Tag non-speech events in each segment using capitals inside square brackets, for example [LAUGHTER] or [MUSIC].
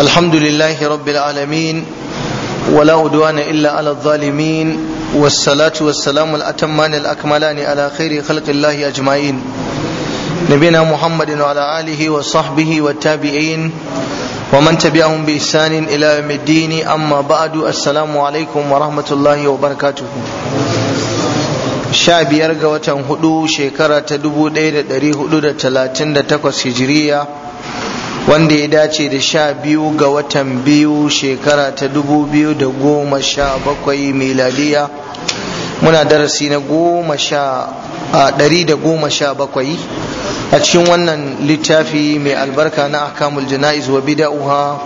الحمد لله رب العالمين ولا عدوان إلا على الظالمين والصلاة والسلام الأتمان الأكملان على خير خلق الله أجمعين نبينا محمد وعلى آله وصحبه والتابعين ومن تبعهم بإحسان إلى يوم الدين أما بعد السلام عليكم ورحمة الله وبركاته sha biyar ga watan hudu shekara ta dubu ɗaya da ɗari hudu da talatin da takwas hijiriya wanda ya dace da sha biyu ga watan biyu shekara ta dubu biyu da goma sha bakwai miladiya muna darasi na goma sha a ɗari da goma sha bakwai a cikin wannan littafi mai albarka na akamul jana'iz wa bida'uha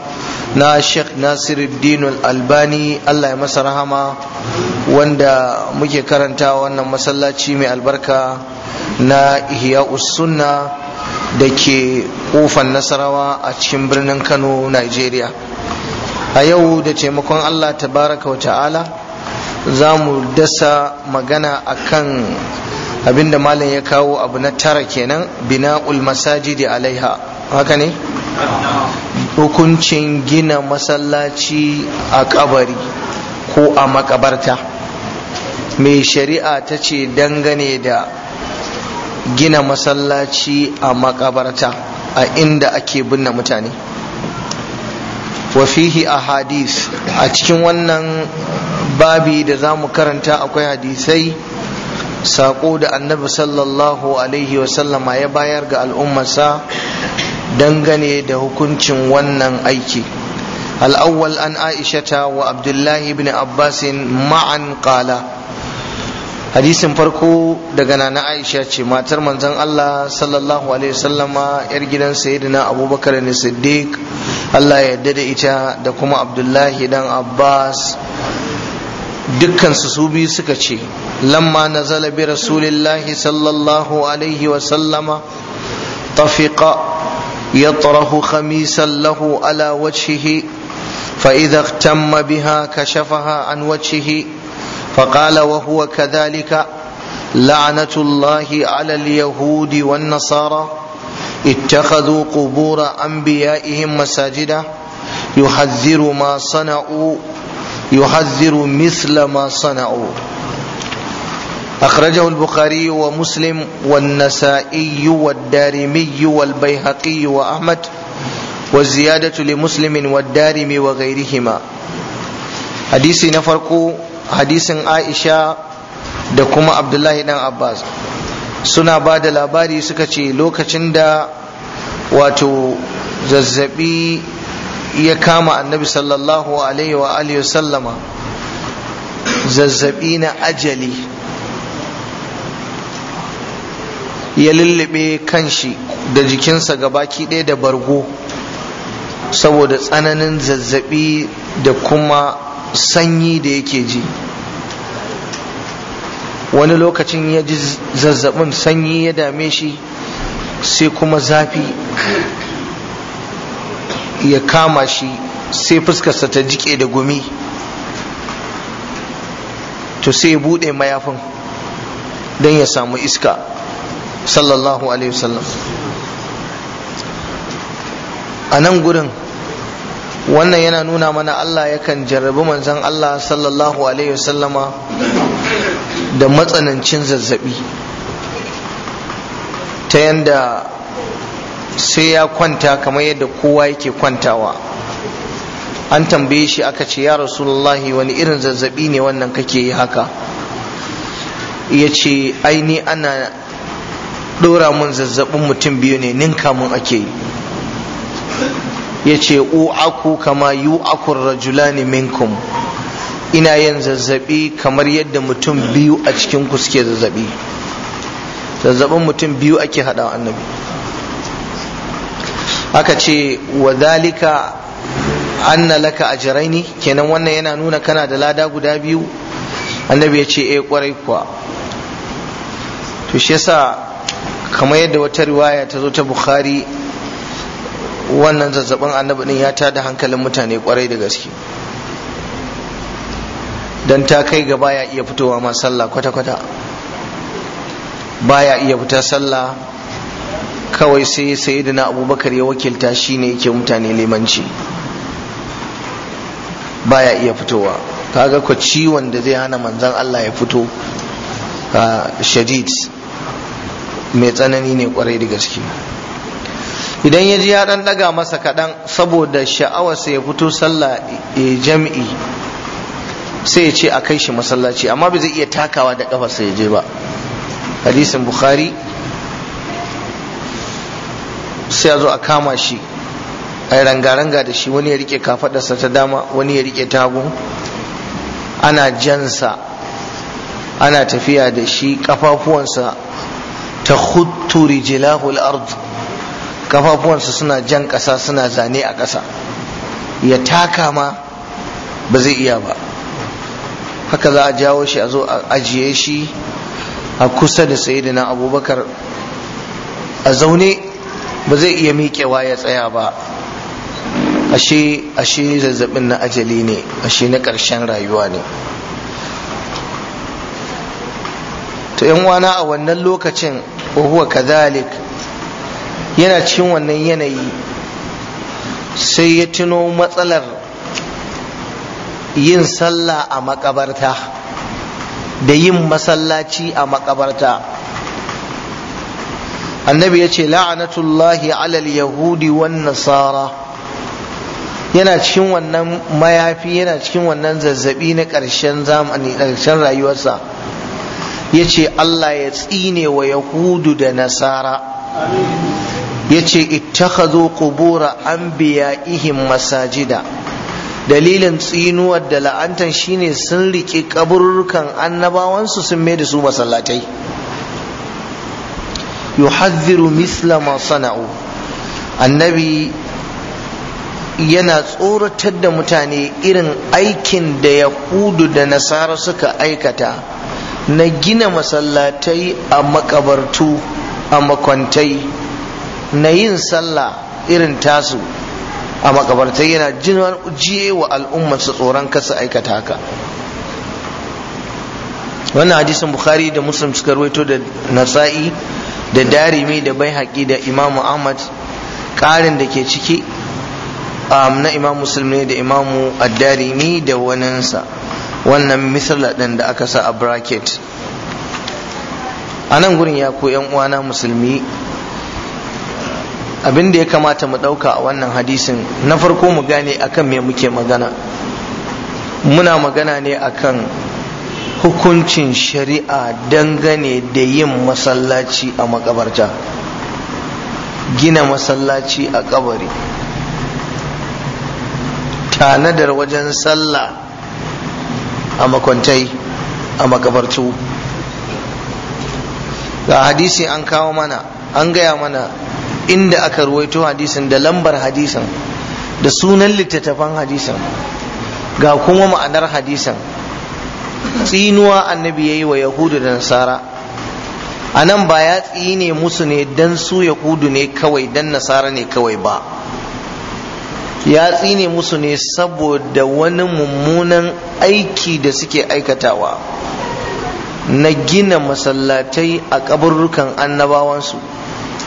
na sheikh nasiruddin albani allah ya masa rahama wanda muke karanta wannan masallaci mai albarka na ihya sunna da ke kofar nasarawa a cikin birnin kano nigeria a yau da taimakon allah tabaraka wa ta'ala za mu dasa magana a akan abinda malam ya kawo abu na tara kenan bina'ul da alaiha haka ne hukuncin gina masallaci a kabari ko a makabarta mai shari'a ta ce dangane da gina masallaci a makabarta a inda ake binne mutane wafihi a hadis a cikin wannan babi da za mu karanta akwai hadisai saƙo da annabi sallallahu alaihi wasallama ya bayar ga al'ummarsa dangane da hukuncin wannan aiki al'awwal an aishata wa abdullahi ibn abbasin ma'an ƙala. hadisin farko daga nana aisha ce matar manzon Allah sallallahu alaihi wasallama yar gidan sayyidina abubakar ne siddiq Allah ya yarda da ita da kuma abdullahi dan abbas dukkan su biyu suka ce lamma nazala bi rasulillahi sallallahu alaihi wasallama tafiqa يطرح خميسا له على وجهه فإذا اغتم بها كشفها عن وجهه فقال وهو كذلك لعنة الله على اليهود والنصارى اتخذوا قبور أنبيائهم مساجدا يحذر ما صنعوا يحذر مثل ما صنعوا أخرجه البخاري ومسلم والنسائي والدارمي والبيهقي وأحمد والزيادة لمسلم والدارم وغيرهما حديث نفرق hadisin aisha da kuma abdullahi dan abbas suna ba da labari suka ce lokacin da wato zazzabi ya kama annabi sallallahu alaihi wa alihi sallama zazzabi na ajali ya lullube kanshi da jikinsa gabaki ɗaya da bargo saboda tsananin zazzabi da kuma sanyi da yake ji wani lokacin ya ji zazzabin sanyi ya dame shi sai kuma zafi ya kama shi sai fuskarsa ta jike da gumi to sai ya buɗe mayafin don ya samu iska sallallahu alaihi wasallam a nan gudun. wannan yana nuna mana Allah yakan jarrabi manzon Allah sallallahu alaihi wasallama da matsanancin zazzabi ta yanda sai ya kwanta kamar yadda kowa yake kwantawa an tambaye shi aka ce ya rasulullahi wani irin zazzabi ne wannan kake yi haka ya ce aini ana ɗora mun zazzabin mutum biyu ne ninka mun ake yi yace u'aku kama yu'aku rajulani minkum ina yin zazzabi kamar yadda mutum biyu a cikin ku suke zazzabi zazzabin mutum biyu ake hada annabi aka ce wa dalika anna laka ajraini kenan wannan yana nuna kana da lada guda biyu annabi ya ce eh kwarai kuwa to shi yasa kamar yadda wata riwaya ta zo ta bukhari wannan zazzabin annabi din ya tada hankalin mutane kwarai da gaske don ta kai ga baya iya fitowa ma sallah kwata-kwata baya iya fita sallah kawai sai sayyidina abubakar ya wakilta shine yake mutane limanci baya iya fitowa kaga ku ciwon da zai hana manzan Allah ya fito ah, shadid mai tsanani ne kwarai da gaske idan ya ji ya dan daga masa kaɗan saboda sha'awarsa ya fito sallah ya jam'i sai ya ce a kai shi masallaci amma bai zai iya takawa da ƙafarsa ya je ba hadisin bukhari sai ya zo a kama shi a ranga-ranga da shi wani ya rike kafadarsa ta dama wani ya rike tagu ana jansa ana tafiya da shi kafafuwansa ta hutu rijilahul ardu kafafuwansa suna jan ƙasa suna zane a ƙasa ya taka ma ba zai iya ba haka za a jawo shi a zo a ajiye shi a kusa da sayidina abubakar a zaune ba zai iya miƙewa ya tsaya ba ashe ashe zazzabin na ajali ne ashe na ƙarshen rayuwa ne Ta yan wana a wannan lokacin huwa kadhalik yana cikin wannan yanayi sai ya tuno matsalar yin sallah a makabarta da yin masallaci a makabarta annabi ya ce la'anatullahi alal yahudi wan nasara yana cikin wannan mayafi yana cikin wannan zazzabi na ƙarshen zamani ƙarshen rayuwarsa ya ce allah ya tsine wa yahudu da nasara yace ittakhadhu qubura anbiya'ihim masajida dalilin tsinuwar da la'antan shine sun riƙe kaburrukan annabawansu sun mai da su masallatai yuhadhiru misla ma sana'u annabi yana tsoratar da mutane irin aikin da ya yahudu da nasara suka aikata na gina masallatai a makabartu a makwantai na yin sallah irin tasu a makabartai yana jiye wa su tsoron kasa aikata haka wannan hadisin bukhari da muslim suka ruwaito da nasa'i da darimi da bai haƙi da imamu ahmad ƙarin da ke ciki um, na imam muslim ne da imamu addarimi da waninsa wannan misala ɗin da aka sa a bracket a nan gurin ya ku uwana musulmi abin da ya kamata mu ɗauka a wannan hadisin na farko mu gane akan me muke magana muna magana ne akan hukuncin shari'a dangane da yin masallaci a makabarta gina masallaci a kabari tanadar wajen sallah a makwantai a makabartu ga hadisi an kawo mana an gaya mana inda aka ruwaito hadisin da lambar hadisin da sunan littattafan hadisin ga kuma ma'anar hadisin tsinuwa annabi ya yi wa yahudu da nasara a nan ba ya tsine musu ne dan su yahudu ne kawai dan nasara ne kawai ba ya tsine musu ne saboda wani mummunan aiki da suke aikatawa na gina masallatai a ƙabarrukan annabawansu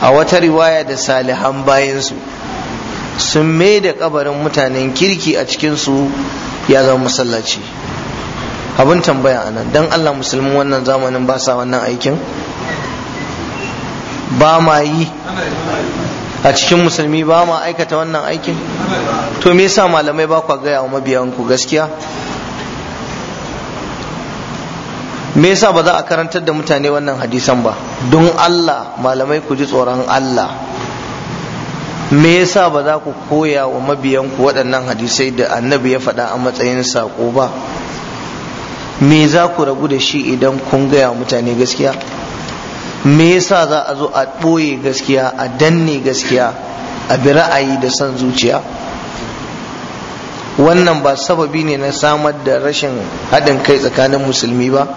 a wata riwaya da salihan bayansu sun mai da kabarin mutanen kirki a cikinsu ya zama masallaci abin tambaya anan, don allah musulmin wannan zamanin ba sa wannan aikin ba ma yi a cikin musulmi ba ma aikata wannan aikin to me yasa malamai ba kwa gaya wa mabiyanku gaskiya me yasa ba za a karantar da mutane wannan hadisan ba don Allah malamai ku ji tsoron Allah me yasa ba za ku koya wa mabiyan ku waɗannan hadisai da annabi ya faɗa a matsayin saƙo ba me za ku ragu da shi idan kun gaya mutane gaskiya me yasa za a zo a ɓoye gaskiya a danne gaskiya a bi ra'ayi da son zuciya wannan ba sababi ne na samar da rashin haɗin kai tsakanin musulmi ba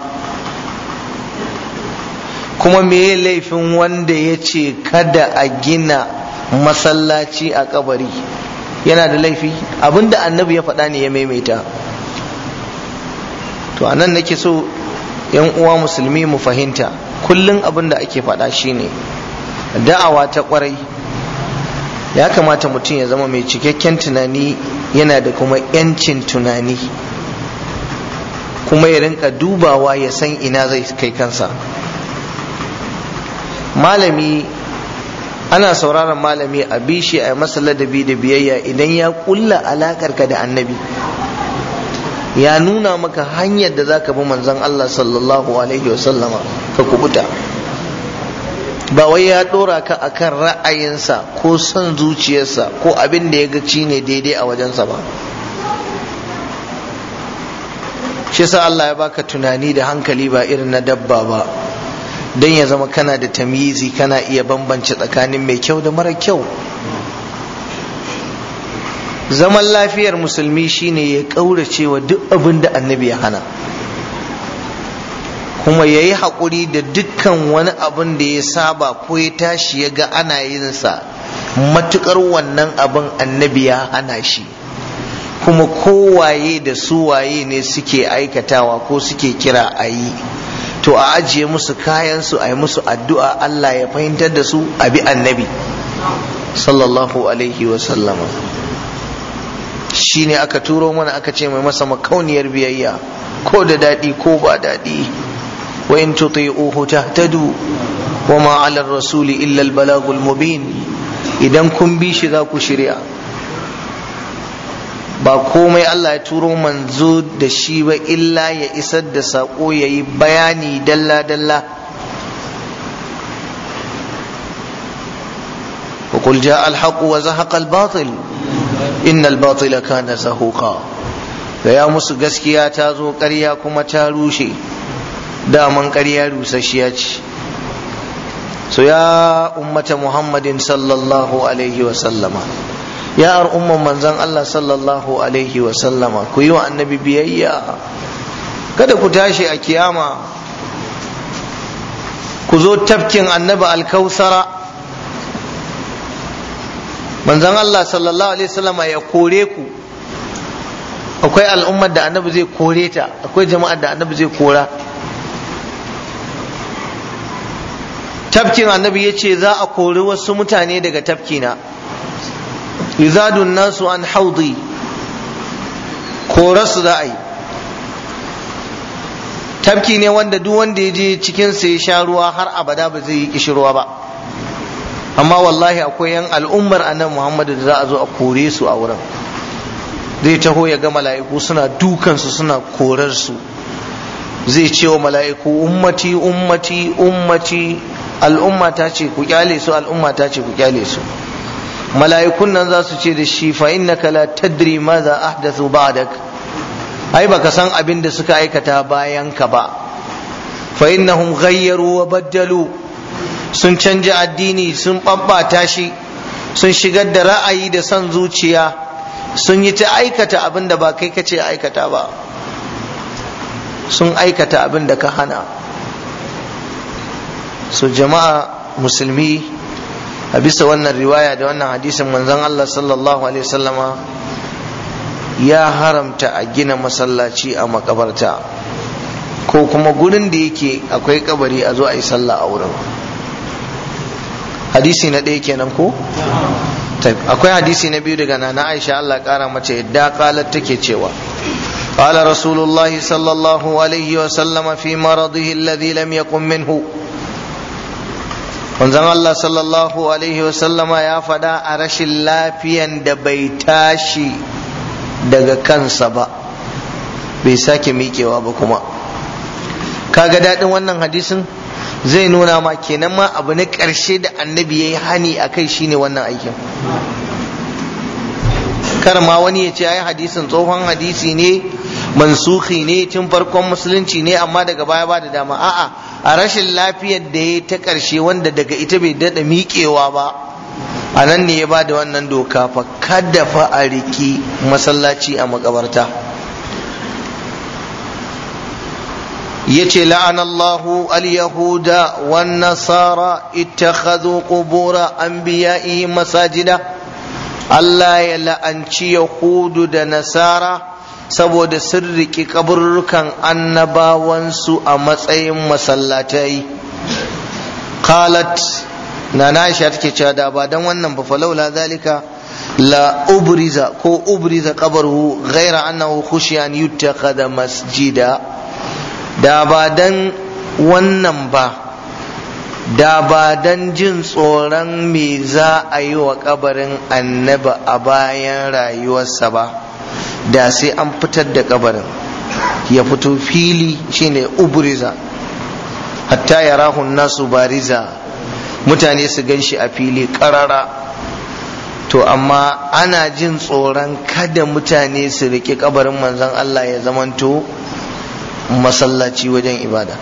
kuma me laifin wanda ya ce kada a gina masallaci a kabari yana da laifi abinda annabi ya faɗa ne ya maimaita to anan nake so yan uwa musulmi mu fahimta kullum abinda ake faɗa shine da'awa ta kwarai ya kamata mutum ya zama mai cikakken tunani yana da kuma 'yancin tunani kuma ya rinka dubawa ya san ina zai kai kansa malami ana sauraron malami a bishi a masa ladabi da biyayya idan ya kulla alakarka da annabi ya nuna maka hanyar da zaka bi manzon Allah sallallahu alaihi wasallama ka kubuta ba wai ya dora ka akan ra'ayinsa ko son zuciyarsa ko abin da ya ga ci ne daidai a wajensa ba shi sa Allah ya baka tunani da hankali ba irin na dabba ba don ya zama kana da tamyizi kana iya bambance tsakanin mai kyau da mara kyau zaman lafiyar musulmi shine ya ƙauracewa wa duk abin da annabi ya hana kuma ya yi haƙuri da dukkan wani abin da ya saba ko ya tashi ya ga ana yinsa matukar wannan abin annabi ya hana shi kuma kowaye da suwaye ne suke aikatawa ko suke kira a yi to a ajiye musu kayansu a yi musu addu'a Allah ya fahimtar da su a bi annabi sallallahu alaihi sallama. shi ne aka turo mana aka ce mai masa makauniyar biyayya ko da daɗi ko ba daɗi wa in tuti'uhu tahtadu wa ma rasuli illal al-balagul mubin idan kun bi shi za ku shirya ba komai Allah ya turo manzo da shi ba illa ya isar da saƙo ya yi bayani dalla-dalla وقل جاء الحق وزهق الباطل إن الباطل كان زهوقا gaya musu gaskiya ta zo karya kuma ta rushe daman ƙarya rusasshiya ce so ya ummata muhammadin sallallahu alaihi wasallama ya ar umman manzan Allah sallallahu alaihi wa sallama ku yi wa annabi biyayya kada ku tashi a kiyama ku zo tafkin annabi alkausara manzan Allah sallallahu alaihi wa sallama ya kore ku akwai al'ummar da annabi zai kore ta akwai jama'ar da annabi zai kora tafkin annabi ya ce za a kori wasu mutane daga tafkina izadun nasu an haudi korasu za a yi tafki ne wanda duk wanda ya je sa ya sha ruwa har abada ba zai yi kishirwa ba amma wallahi akwai yan al'ummar annan muhammadu da za a zo a kore su a wurin zai taho ya ga mala'iku suna dukansu suna korar su zai ce wa mala'iku ummati ummati ummati al'umma ta ce ku kyale su al'umma ta ce ku kyale su mala'ikun nan za su ce da shi fa innaka la tadri ma za ahdathu ba'dak ai baka san abin da suka aikata bayan ka ba fa innahum ghayyaru wa baddalu sun canja addini sun babbata shi sun shigar da ra'ayi da san zuciya sun yi ta aikata abin da ba kai kace aikata ba sun aikata abin da ka hana so jama'a musulmi a bisa wannan riwaya da wannan hadisin manzon Allah sallallahu alaihi wasallama ya haramta a gina masallaci a makabarta ko kuma gurin da yake akwai kabari a zo a yi sallah a wurin hadisi na ɗaya kenan ko akwai hadisi na biyu daga nana aisha Allah ƙara mace yadda kalar take cewa قال رسول الله صلى الله عليه وسلم في مرضه الذي لم يقم منه manzon Allah sallallahu alaihi wasallama ya faɗa a rashin lafiyan da bai tashi daga kansa ba bai sake miƙewa ba kuma kaga daɗin wannan hadisin zai nuna ma kenan ma abu na ƙarshe da annabi ya yi hani a kai shine wannan aikin kar ma wani ya ce ai hadisin tsohon hadisi ne mansuhi ne tun farkon musulunci ne amma daga baya ba da dama a'a a rashin lafiyar da ya ta ƙarshe wanda daga ita bai daɗa miƙewa ba a nan ne ya ba da wannan doka fa kada fa a riki masallaci a makabarta ya ce la'anallahu al-yahuda wan nasara ittakhadhu qubura anbiya'i masajida Allah ya la'anci yahudu da nasara saboda sun riƙi kaburrukan annabawansu a matsayin masallatai qalat na Aisha take cewa da ba dan wannan ba falaula zalika la ubriza ko ubriza qabaru ghaira annahu khushiya an yuttakhadha masjida da ba dan wannan ba da ba dan jin tsoron me za a yi wa ƙabarin annaba a bayan rayuwarsa ba da sai an fitar da kabarin ya fito fili shine ubriza hatta ya rahun nasu bariza mutane su gan shi a fili karara to amma ana jin tsoron kada mutane su riƙe kabarin manzon Allah ya zamanto masallaci wajen ibada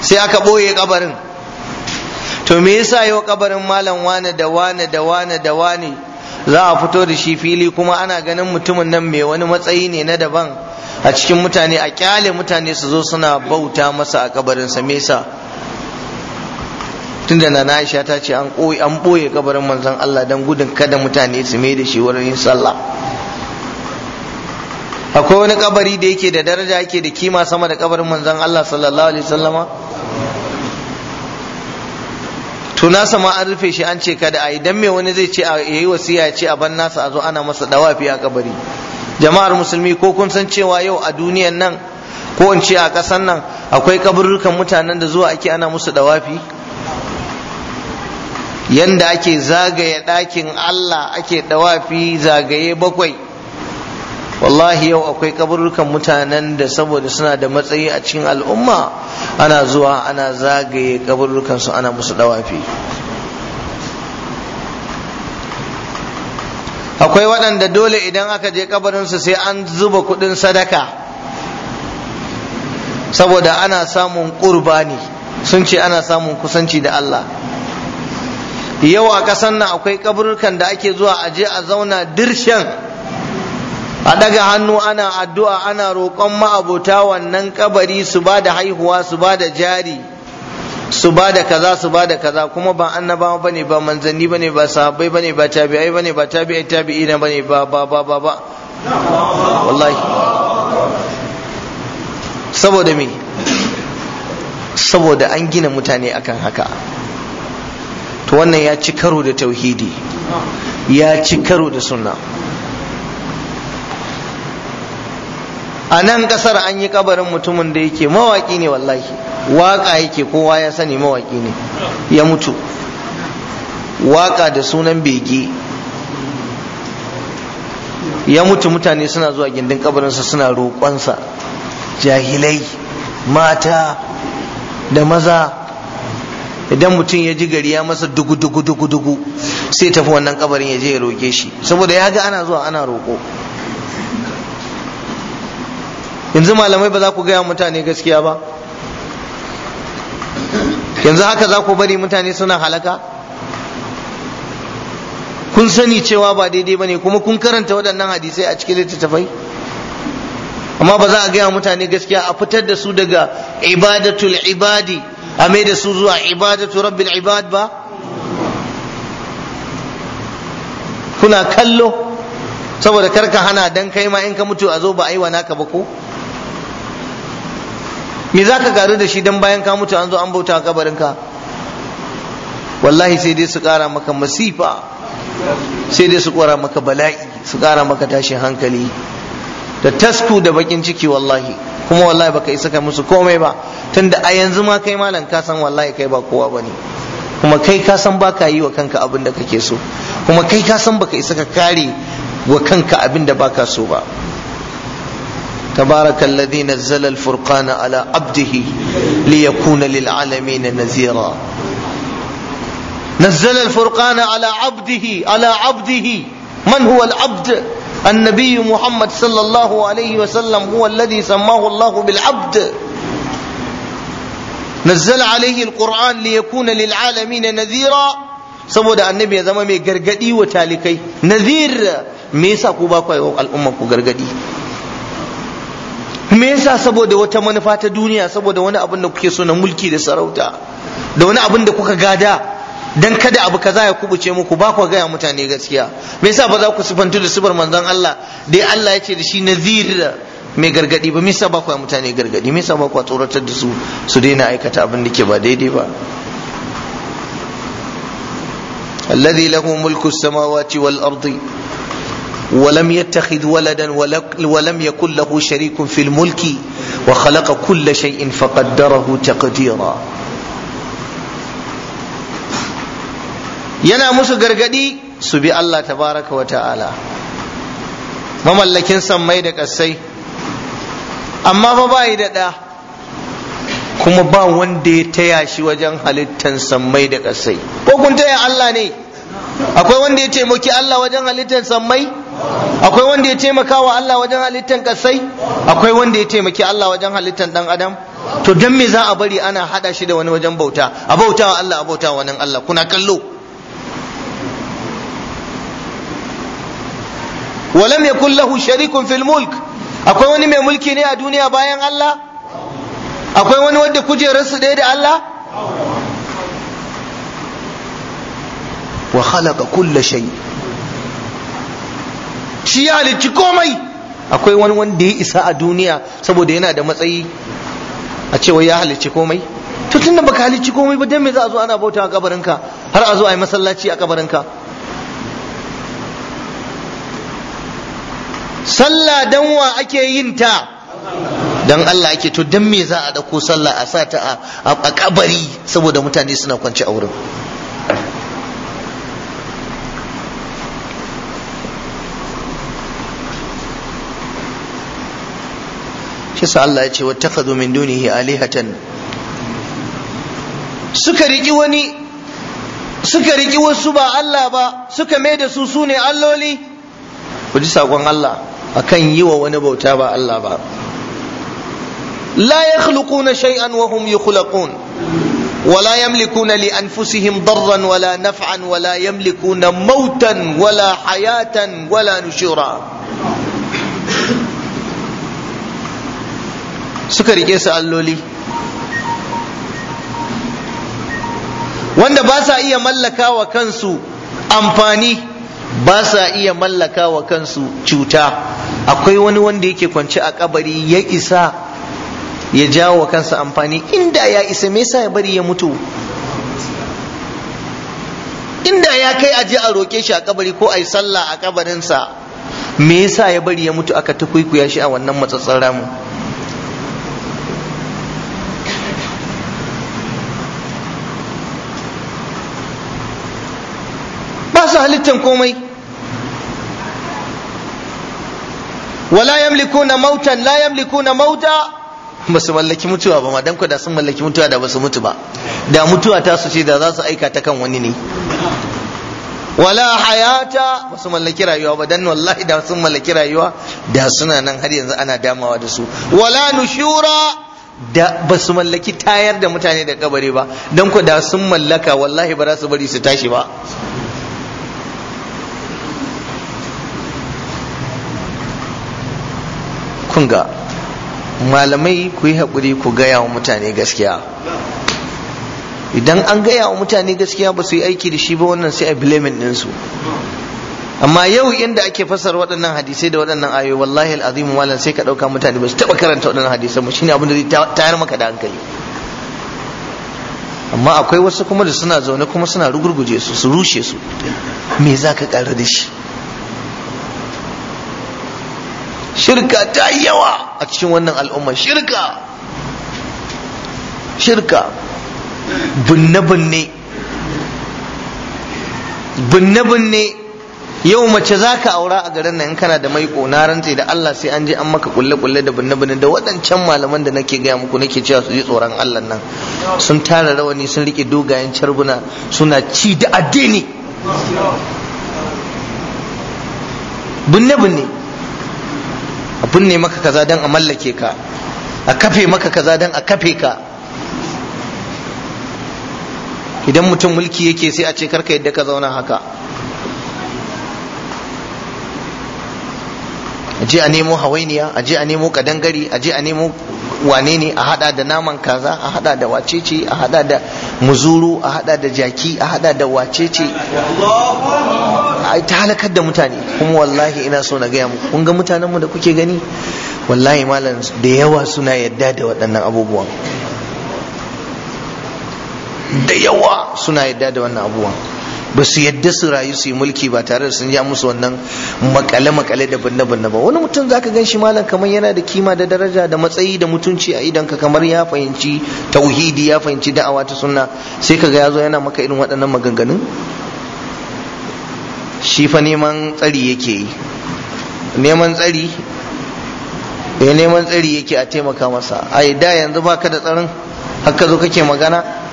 sai aka ɓoye kabarin to me yasa yau kabarin malam wane da wane da wane da wane za a fito da shi fili kuma ana ganin mutumin nan mai wani matsayi ne na daban a cikin mutane a kyale mutane su zo suna bauta masa a kabarin sa mesa tunda na Aisha ta ce an koyi an boye kabarin manzon Allah dan gudun kada mutane su mai da shi wurin yin sallah akwai wani kabari da yake da daraja yake da kima sama da kabarin manzon Allah sallallahu alaihi wasallama to nasa ma an rufe shi an ce kada a dan me wani zai ce a yayi wasiya ya ce a ban nasa a zo ana masa dawafi a kabari jama'ar musulmi ko kun san cewa yau a duniyan nan ko in ce a kasan nan akwai kaburrukan mutanen da zuwa ake ana musu dawafi yanda ake zagaye ɗakin Allah ake dawafi zagaye bakwai wallahi yau akwai kaburrukan mutanen da saboda suna da matsayi a cikin al'umma ana zuwa ana zagaye kaburrukan su ana musu dawafi akwai waɗanda dole idan aka je kabarinsu sai an zuba kuɗin sadaka saboda ana samun ƙurbani sun ce ana samun kusanci da Allah yau a ƙasar nan akwai kaburrukan da ake zuwa aje a zauna dirshen a daga hannu ana addu'a ana roƙon ma'abuta wannan kabari su ba da haihuwa su ba da jari su ba da kaza su ba da kaza kuma ba ba ne ba manzanni ne ba sahabbai ne ba tabi'ai ne ba tabi'ai ba ne ba ba ba ba ba wallahi saboda me saboda an gina mutane akan haka to wannan ya ci karo da tauhidi ya ci karo da sunna a nan kasar an yi kabarin mutumin da yake mawaki ne wallahi waka yake kowa ya sani mawaki ne ya mutu waka da sunan bege ya mutu mutane suna zuwa gindin kabarinsa suna roƙonsa jahilai mata da maza idan mutum ya ji gari ya masa dugu dugu dugu dugu sai tafi wannan kabarin ya je ya roƙe shi saboda ya ga ana zuwa ana roƙo yanzu malamai ba za ku gaya mutane gaskiya ba yanzu haka za ku bari mutane suna halaka kun sani cewa ba daidai ba ne kuma kun karanta waɗannan hadisai a cikin littattafai amma ba za a gaya mutane gaskiya a fitar da su daga ibadatul ibadi a mai da su zuwa ibadatu rabbil ibad ba kuna kallo saboda karka hana dan kai ma in ka mutu a zo ba a wa naka ba ko me za ka garu da shi don bayan ka mutu an zo an bauta kabarinka wallahi sai dai su kara maka masifa sai dai su ƙora maka bala'i su ƙara maka tashin hankali da tasku da bakin ciki wallahi kuma wallahi baka isa kai musu komai ba tunda a yanzu ma kai malam ka san wallahi kai ba kowa bane kuma kai ka san baka yi wa kanka abin da kake so kuma kai ka san baka isa ka kare wa kanka abin da baka so ba تبارك الذي نزل الفرقان على عبده ليكون للعالمين نذيرا نزل الفرقان على عبده على عبده من هو العبد النبي محمد صلى الله عليه وسلم هو الذي سماه الله بالعبد نزل عليه القرآن ليكون للعالمين نذيرا saboda annabi ya zama mai gargadi wa talikai nazir me yasa ku ba ku al'umma ku gargadi me yasa saboda wata manufa ta duniya saboda wani abin da kuke so na mulki da sarauta da wani abin da kuka gada dan kada abu kaza ya kubuce muku ba ku gaya mutane gaskiya me yasa ba za ku sifantu da sifar manzon Allah dai Allah ya ce da shi nazir mai gargadi ba me yasa ba ku mutane gargadi me yasa ba ku tsoratar da su su daina aikata abin da ke ba daidai ba lahu mulku samawati wal ardi ولم يتخذ ولدا ولم يكن له شريك في الملك وخلق كل شيء فقدره تقديرا yana musu gargadi su bi Allah tabaraka wa mamallakin sammai da ƙasai amma fa ba da ɗa kuma ba wanda ya taya shi wajen halittar sammai da ƙasai ko Allah ne akwai wanda ya taimaki Allah wajen halittar sammai akwai wanda ya taimaka wa Allah wajen halittar kasai akwai wanda ya taimaki Allah wajen halittar dan adam to don me za a bari ana hada shi da wani wajen bauta a bauta wa Allah a bauta wa nan Allah kuna kallo walam yakul lahu sharikun fil mulk akwai wani mai mulki ne a duniya bayan Allah akwai wani wanda kujerarsa ɗaya da Allah khalaqa kulla shay shi ya halicci komai akwai wani wanda ya isa a duniya saboda yana da matsayi a cewa ya halicci komai to tunda baka halicci komai ba dan me za a zo ana bauta a kabarinka har a zo a yi masallaci a kabarinka sallah dan wa ake yin ta dan Allah ake to dan me za a dauko sallah a sa ta a kabari saboda mutane suna kwance a wurin kisa Allah ya ce wattakhadhu min dunihi alihatan suka riki wani suka riki wasu ba Allah ba suka mai da su sune alloli ku ji sakon Allah akan yi wa wani bauta ba Allah ba la yakhluquna shay'an wa hum yukhlaqun ولا يملكون لانفسهم ضرا ولا نفعا ولا يملكون موتا ولا hayatan ولا نشورا suka rike su alloli wanda ba sa iya mallaka wa kansu amfani ba sa iya mallaka wa kansu cuta akwai wani wanda yake kwance a kabari ya isa ya jawo wa kansa amfani inda ya isa me yasa ya bari ya mutu inda ya kai aje a roke shi a kabari ko a yi sallah a kabarinsa me yasa ya bari ya mutu aka tukuikuya shi a wannan matsatsan ramu su halittan komai wala yamlikuna mautan la yamlikuna mauta ba su mallaki mutuwa ba ma ku da sun mallaki mutuwa da ba su mutu ba da mutuwa ta su ce da za su aika ta kan wani ne wala hayata ba su mallaki rayuwa ba dan wallahi da sun mallaki rayuwa da suna nan har yanzu ana damawa da su wala nushura da ba su mallaki tayar da mutane da kabari ba dan da sun mallaka wallahi ba za su bari su tashi ba kun ga malamai ku yi haƙuri ku gaya wa mutane gaskiya idan an gaya wa mutane gaskiya ba su yi aiki da shi ba wannan sai a blamin ɗinsu amma yau inda ake fasar waɗannan hadisai da waɗannan ayo wallahi al'azimu malam sai ka ɗauka mutane ba su taɓa karanta waɗannan hadisan ba shine abin da zai tayar maka da hankali amma akwai wasu kuma da suna zaune kuma suna rugurguje su su rushe su me za ka ƙara da shi shirka ta yawa a cikin wannan al'umma shirka shirka binne-binne yau mace za ka aura a garin nan in kana da mai na rantse da Allah sai an je an maka kulle-kulle da binne-binne da wadancan malaman da nake gaya muku nake cewa su yi tsoron Allah nan sun tara rawani sun rike dogayen carbuna suna ci da addini binne-binne a binne maka kaza don a mallake ka a kafe maka kaza don a kafe ka idan mutum mulki yake sai a ce karka yadda ka zauna haka a je a nemo hawainiya a je a nemo kadangari a je a nemo wane ne a hada da naman kaza a hada da wacece a hada da muzuru a hada da jaki a hada da wacece ai ta halakar da mutane kuma wallahi ina so na gaya muku kun ga mutanen mu da kuke gani wallahi malam da yawa suna yadda da waɗannan abubuwan da yawa suna yadda da wannan abubuwan ba su yadda su rayu su yi mulki ba tare da sun ja musu wannan makale-makale da binne-binne ba wani mutum zaka gan shi malam kamar yana da kima da daraja da matsayi da mutunci a ka kamar ya fahimci tauhidi ya fahimci da'awa ta sunna sai kaga ya zo yana maka irin waɗannan maganganun shi fa neman tsari yake yi neman tsari ya eh, neman tsari yake a taimaka masa ai da yanzu baka da tsarin haka zo kake magana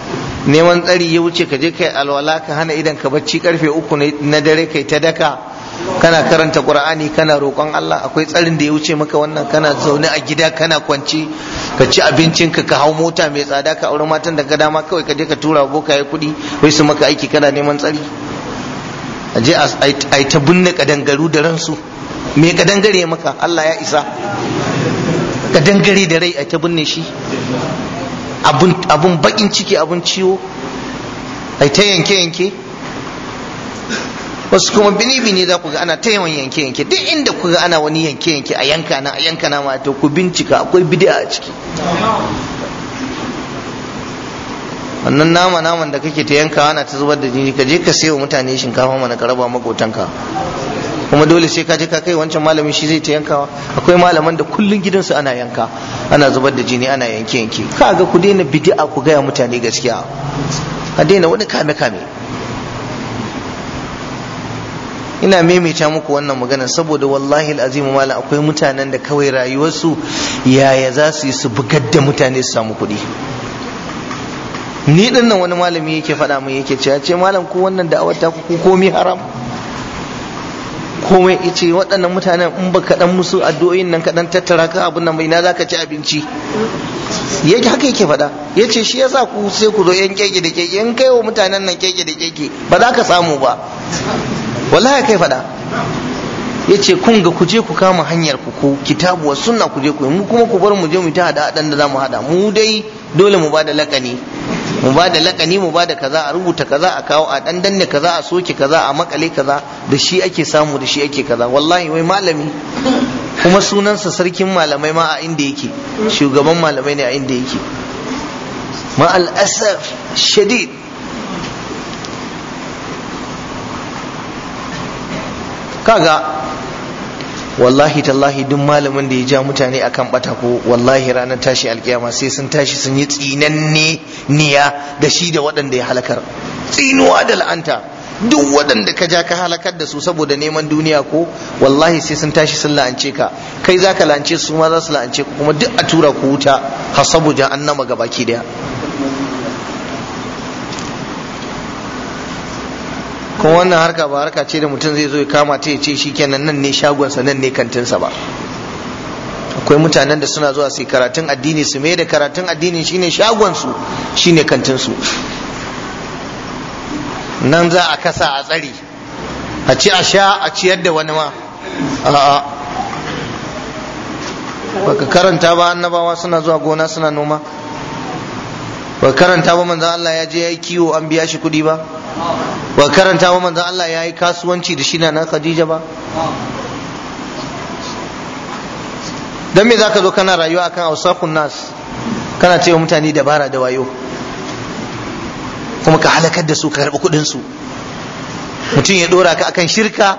neman tsari ya wuce ka je kai alwala ka hana idan ka bacci karfe uku na dare kai ta daka kana karanta qur'ani kana roƙon Allah akwai tsarin da ya wuce maka wannan kana zaune a gida kana kwanci ka ci abincin ka ka hau mota mai tsada ka aure matan da ka dama kawai ka je ka tura boka ya kuɗi wai su maka aiki kana neman tsari a je a ta binne kadangaru da ransu me kadangare maka Allah ya isa kadangare da rai a ta binne shi abun bakin ciki abun ciwo ai ta yanke yanke wasu kuma bini bini za ku ga ana ta yawan yanke yanke duk inda ku ga ana wani yanke yanke a yanka na a yanka na ku bincika akwai bid'a a ciki wannan nama naman da kake ta yanka ana ta zubar da jini ka je ka sayo mutane shinkafa mana ka raba makotanka kuma dole sai ka je ka kai wancan malami shi zai ta yankawa akwai malaman da kullun gidansu ana yanka ana zubar da jini ana yanke yanke ka ga ku daina bid'a ku gaya mutane gaskiya a daina wani kame kame ina maimaita muku wannan magana saboda wallahi al'azimu malam akwai mutanen da kawai rayuwarsu yaya za su yi su bugar da mutane su samu kuɗi ni dinnan wani malami yake faɗa mun yake cewa ce malam ku wannan da'awar ta ku komi haram komai ce waɗannan mutanen in ba kaɗan musu addu'o'in nan kaɗan tattara ka abin nan bai na zaka ci abinci yake haka yake faɗa yace shi yasa ku sai ku zo yan keke da keke in kai wa mutanen nan keke da keke ba za ka samu ba wallahi kai faɗa yace kun ga ku ku kama hanyar ku ko kitabu wa sunna ku je ku mu kuma ku bar mu je mu ta hada dan da zamu hada mu dai dole mu bada lakani mu ba da lakani mu ba da kaza a rubuta kaza a kawo a dan danne kaza a soke kaza a makale kaza da shi ake samu da shi ake kaza wallahi wai malami kuma sunansa sarkin malamai ma a inda yake shugaban malamai ne a inda yake ma al'asaf shadid kaga wallahi tallahi duk malamin da ya ja mutane akan bata ko wallahi ranar tashi alkiyama sai sun tashi sun yi tsinanne niya da shi da waɗanda ya halakar tsinuwa da la'anta duk waɗanda ka ja ka halakar da su saboda neman duniya ko wallahi sai sun tashi sun la'ance ka kai za ka la'ance su ma za su la'ance ku kuma duk a tura ku wuta hasabu jahannama gabaki daya kuma wannan harka ba harka ce da mutum zai zo ya kama ta ya ce shi kenan nan ne shagonsa nan ne kantinsa ba akwai mutanen da suna zuwa su karatun addini su mai da karatun addini shine shagonsu shine kantinsu nan za a kasa a tsari a ci a sha a ciyar da wani ma a'a baka karanta ba annabawa suna zuwa gona suna noma baka karanta ba manzo Allah ya je ya yi kiwo an biya shi kuɗi ba ba karanta wa manzan Allah ya yi kasuwanci da shi na Khadija ba dan me zaka zo kana rayuwa akan ausakun nas kana cewa mutane dabara da wayo kuma ka halakar da su ka karɓi kuɗinsu. su mutum ya ɗora ka akan shirka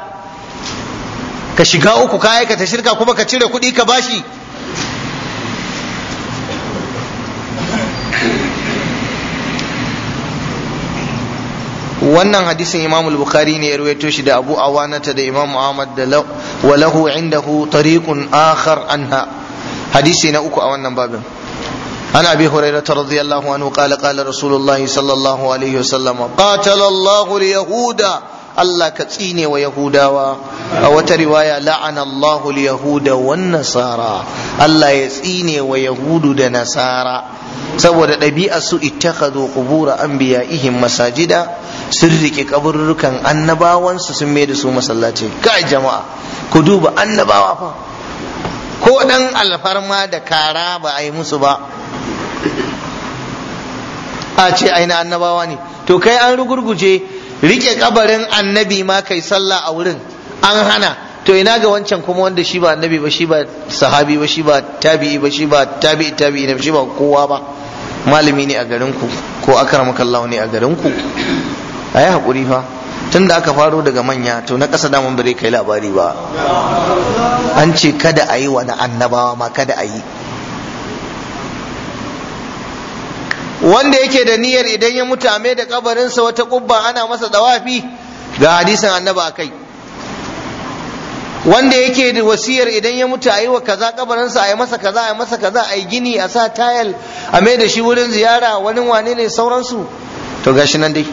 ka shiga uku ka aikata shirka kuma ka cire kuɗi ka bashi wannan hadisin Imam al-Bukhari ne ya rawaito shi da Abu Awanata da Imam Ahmad da wa lahu indahu tariqun akhar anha hadisi na uku a wannan babin عن ابي هريره رضي الله عنه قال قال رسول الله صلى الله عليه وسلم قاتل الله اليهود الله كتسيني ويهودا او روايه لعن الله اليهود والنصارى الله يتسيني ويهود ونصارى saboda ɗabi'a su ittakhadhu qubur anbiya'ihim masajida sun riƙe kaburrukan annabawansu sun mai da su masallaci kai jama'a ku duba annabawa fa ko ɗan alfarma da kara ba a yi musu ba a ce aina annabawa ne to kai an rugurguje riƙe kabarin annabi ma kai sallah a wurin an hana to ina ga wancan kuma wanda shi ba annabi ba shi ba sahabi ba shi ba tabi'i ba shi ba tabi'i tabi'i ne shi ba kowa ba malami ne a garin ku ko akramakallahu ne a garin ku a yi haƙuri fa tun da aka faro daga manya to na ƙasa daman bare kai labari ba an ce kada a yi wani annabawa ma kada a yi wanda yake da niyyar idan ya mutu a da kabarinsa wata kubba ana masa dawafi ga hadisin annaba kai wanda yake da wasiyar idan ya mutu a yi wa kaza kabarinsa a yi masa kaza a yi masa kaza a yi gini a sa tayal a mai da shi wurin ziyara wani wane ne sauransu to gashi nan dai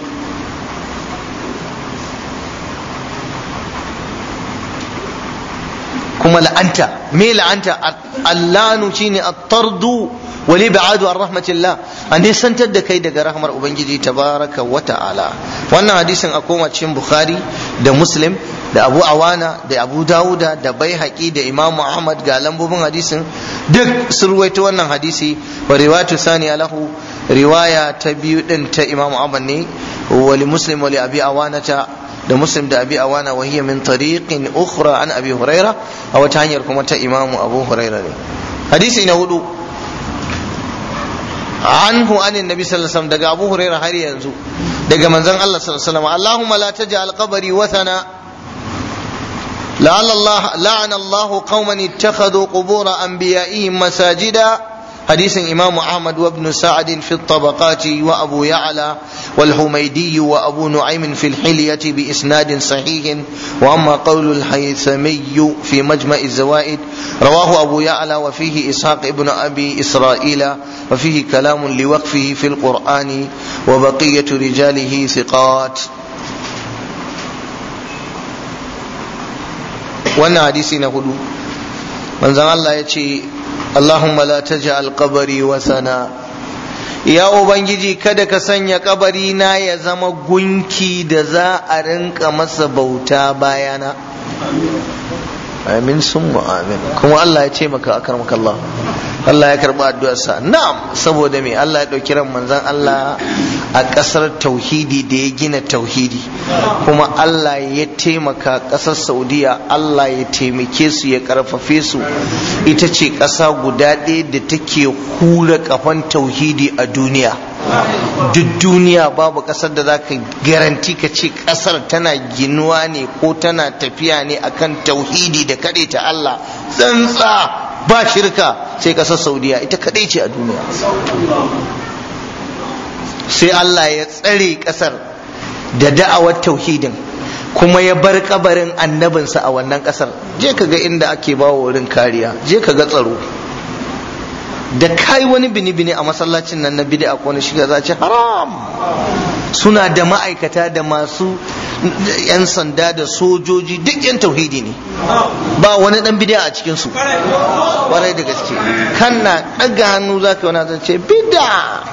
kuma la'anta me la'anta allanu shine at-tardu wal ib'adu ar rahmatillah an dai santar da kai daga rahmar ubangiji tabaraka wa ta'ala wannan hadisin a koma cikin bukhari da muslim da abu awana da abu dawuda da baihaqi da imam ahmad ga lambobin hadisin duk sun ruwaito wannan hadisi wa riwayatu sani alahu riwaya ta biyu din ta imam ahmad ne wa muslim wa li abi awana ta da muslim da abi awana wa hiya min tariqin ukhra an abi huraira a wata hanyar kuma ta imamu abu huraira ne hadisi na hudu anhu anin nabi sallallahu alaihi daga abu huraira har yanzu daga manzon Allah sallallahu alaihi wasallam Allahumma la taj'al qabri wathana la'ana Allah la'ana Allah qauman ittakhadhu masajida حديث إمام أحمد وابن سعد في الطبقات وأبو يعلى والحميدي وأبو نعيم في الحلية بإسناد صحيح وأما قول الحيثمي في مجمع الزوائد رواه أبو يعلى وفيه إسحاق ابن أبي إسرائيل وفيه كلام لوقفه في القرآن وبقية رجاله ثقات وأن حديثنا na من manzon Allah ya Allahumma la taj'al wasana ya ubangiji kada ka sanya kabari na ya zama gunki da za a rinka masa bauta bayana amin sun amin kuma Allah ya ce maka akar Allah Allah ya karba addu'arsa na'am saboda me Allah ya dauki ran manzon Allah a ƙasar tauhidi da ya gina tauhidi kuma Allah ya taimaka ƙasar saudiya Allah ya taimake su ya ƙarfafe su ita ce ƙasa guda ɗaya da take hura ƙafan tauhidi a duniya duk duniya babu ƙasar da za ka garanti ka ce ƙasar tana ginuwa ne ko tana tafiya ne a kan tauhidi da kaɗe ta Allah tsantsa ba shirka sai ƙasar saudiya ita kaɗai ce a duniya sai Allah ya tsare ƙasar da da'awar tauhidin kuma ya bar kabarin annabinsa a wannan ƙasar je ka ga inda ake bawa wurin kariya je ka ga tsaro da kai wani bini-bini a masallacin nan na bid'a ko na shiga za ce haram suna da ma'aikata da masu yan sanda da sojoji duk yan tauhidi ne ba wani dan bid'a a cikin su da gaske Kan na ɗaga hannu zaka wani zance bid'a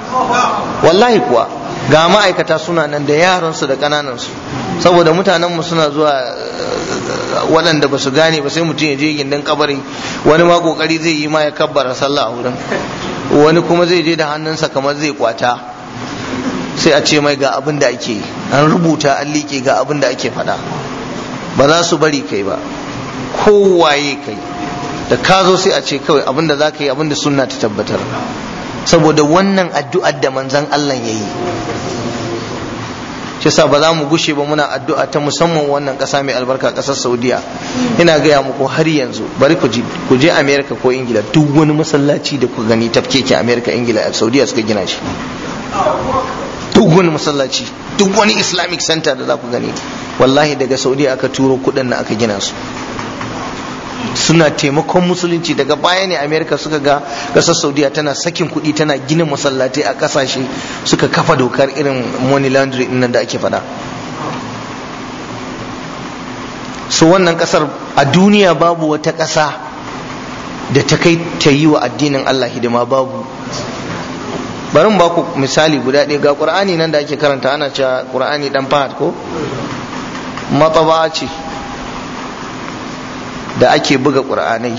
wallahi kuwa ga ma'aikata suna nan da yaransu da ƙananansu saboda mutanenmu suna zuwa eh, waɗanda ba su gane ba sai mutum ya je gindin kabari wani ma kokari zai yi ma ya kabbara sallah a wurin wani kuma zai je da hannunsa kamar zai kwata sai a ce mai ga abin da ake an rubuta an liƙe ga abin da ake faɗa ba za su bari kai ba kowaye kai da ka zo sai a ce kawai abin da za ka yi abin da suna ta tabbatar saboda wannan addu'ar da manzon Allah ya yi shi ba za mu gushe ba muna addu'a ta musamman wannan ƙasa mai albarka ƙasar saudiya ina gaya muku har yanzu bari ku ku je america ko ingila duk wani masallaci da ku gani tafkeke america ingila saudiya suka gina shi duk wani masallaci duk wani islamic center da za ku gani wallahi daga saudiya aka turo kuɗin na aka gina su suna taimakon musulunci daga baya ne amerika suka ga kasar saudiya tana sakin kuɗi tana gina masallatai a ƙasashe suka kafa dokar irin money laundry nan da ake faɗa so wannan ƙasar a duniya babu wata ƙasa da ta kai ta yi wa addinin allah hidima babu bari ba ku misali guda ɗaya ga ƙur'ani nan da ake karanta ana cewa ƙur'ani ɗan fahad ko mataba ce da ake buga ƙur'anai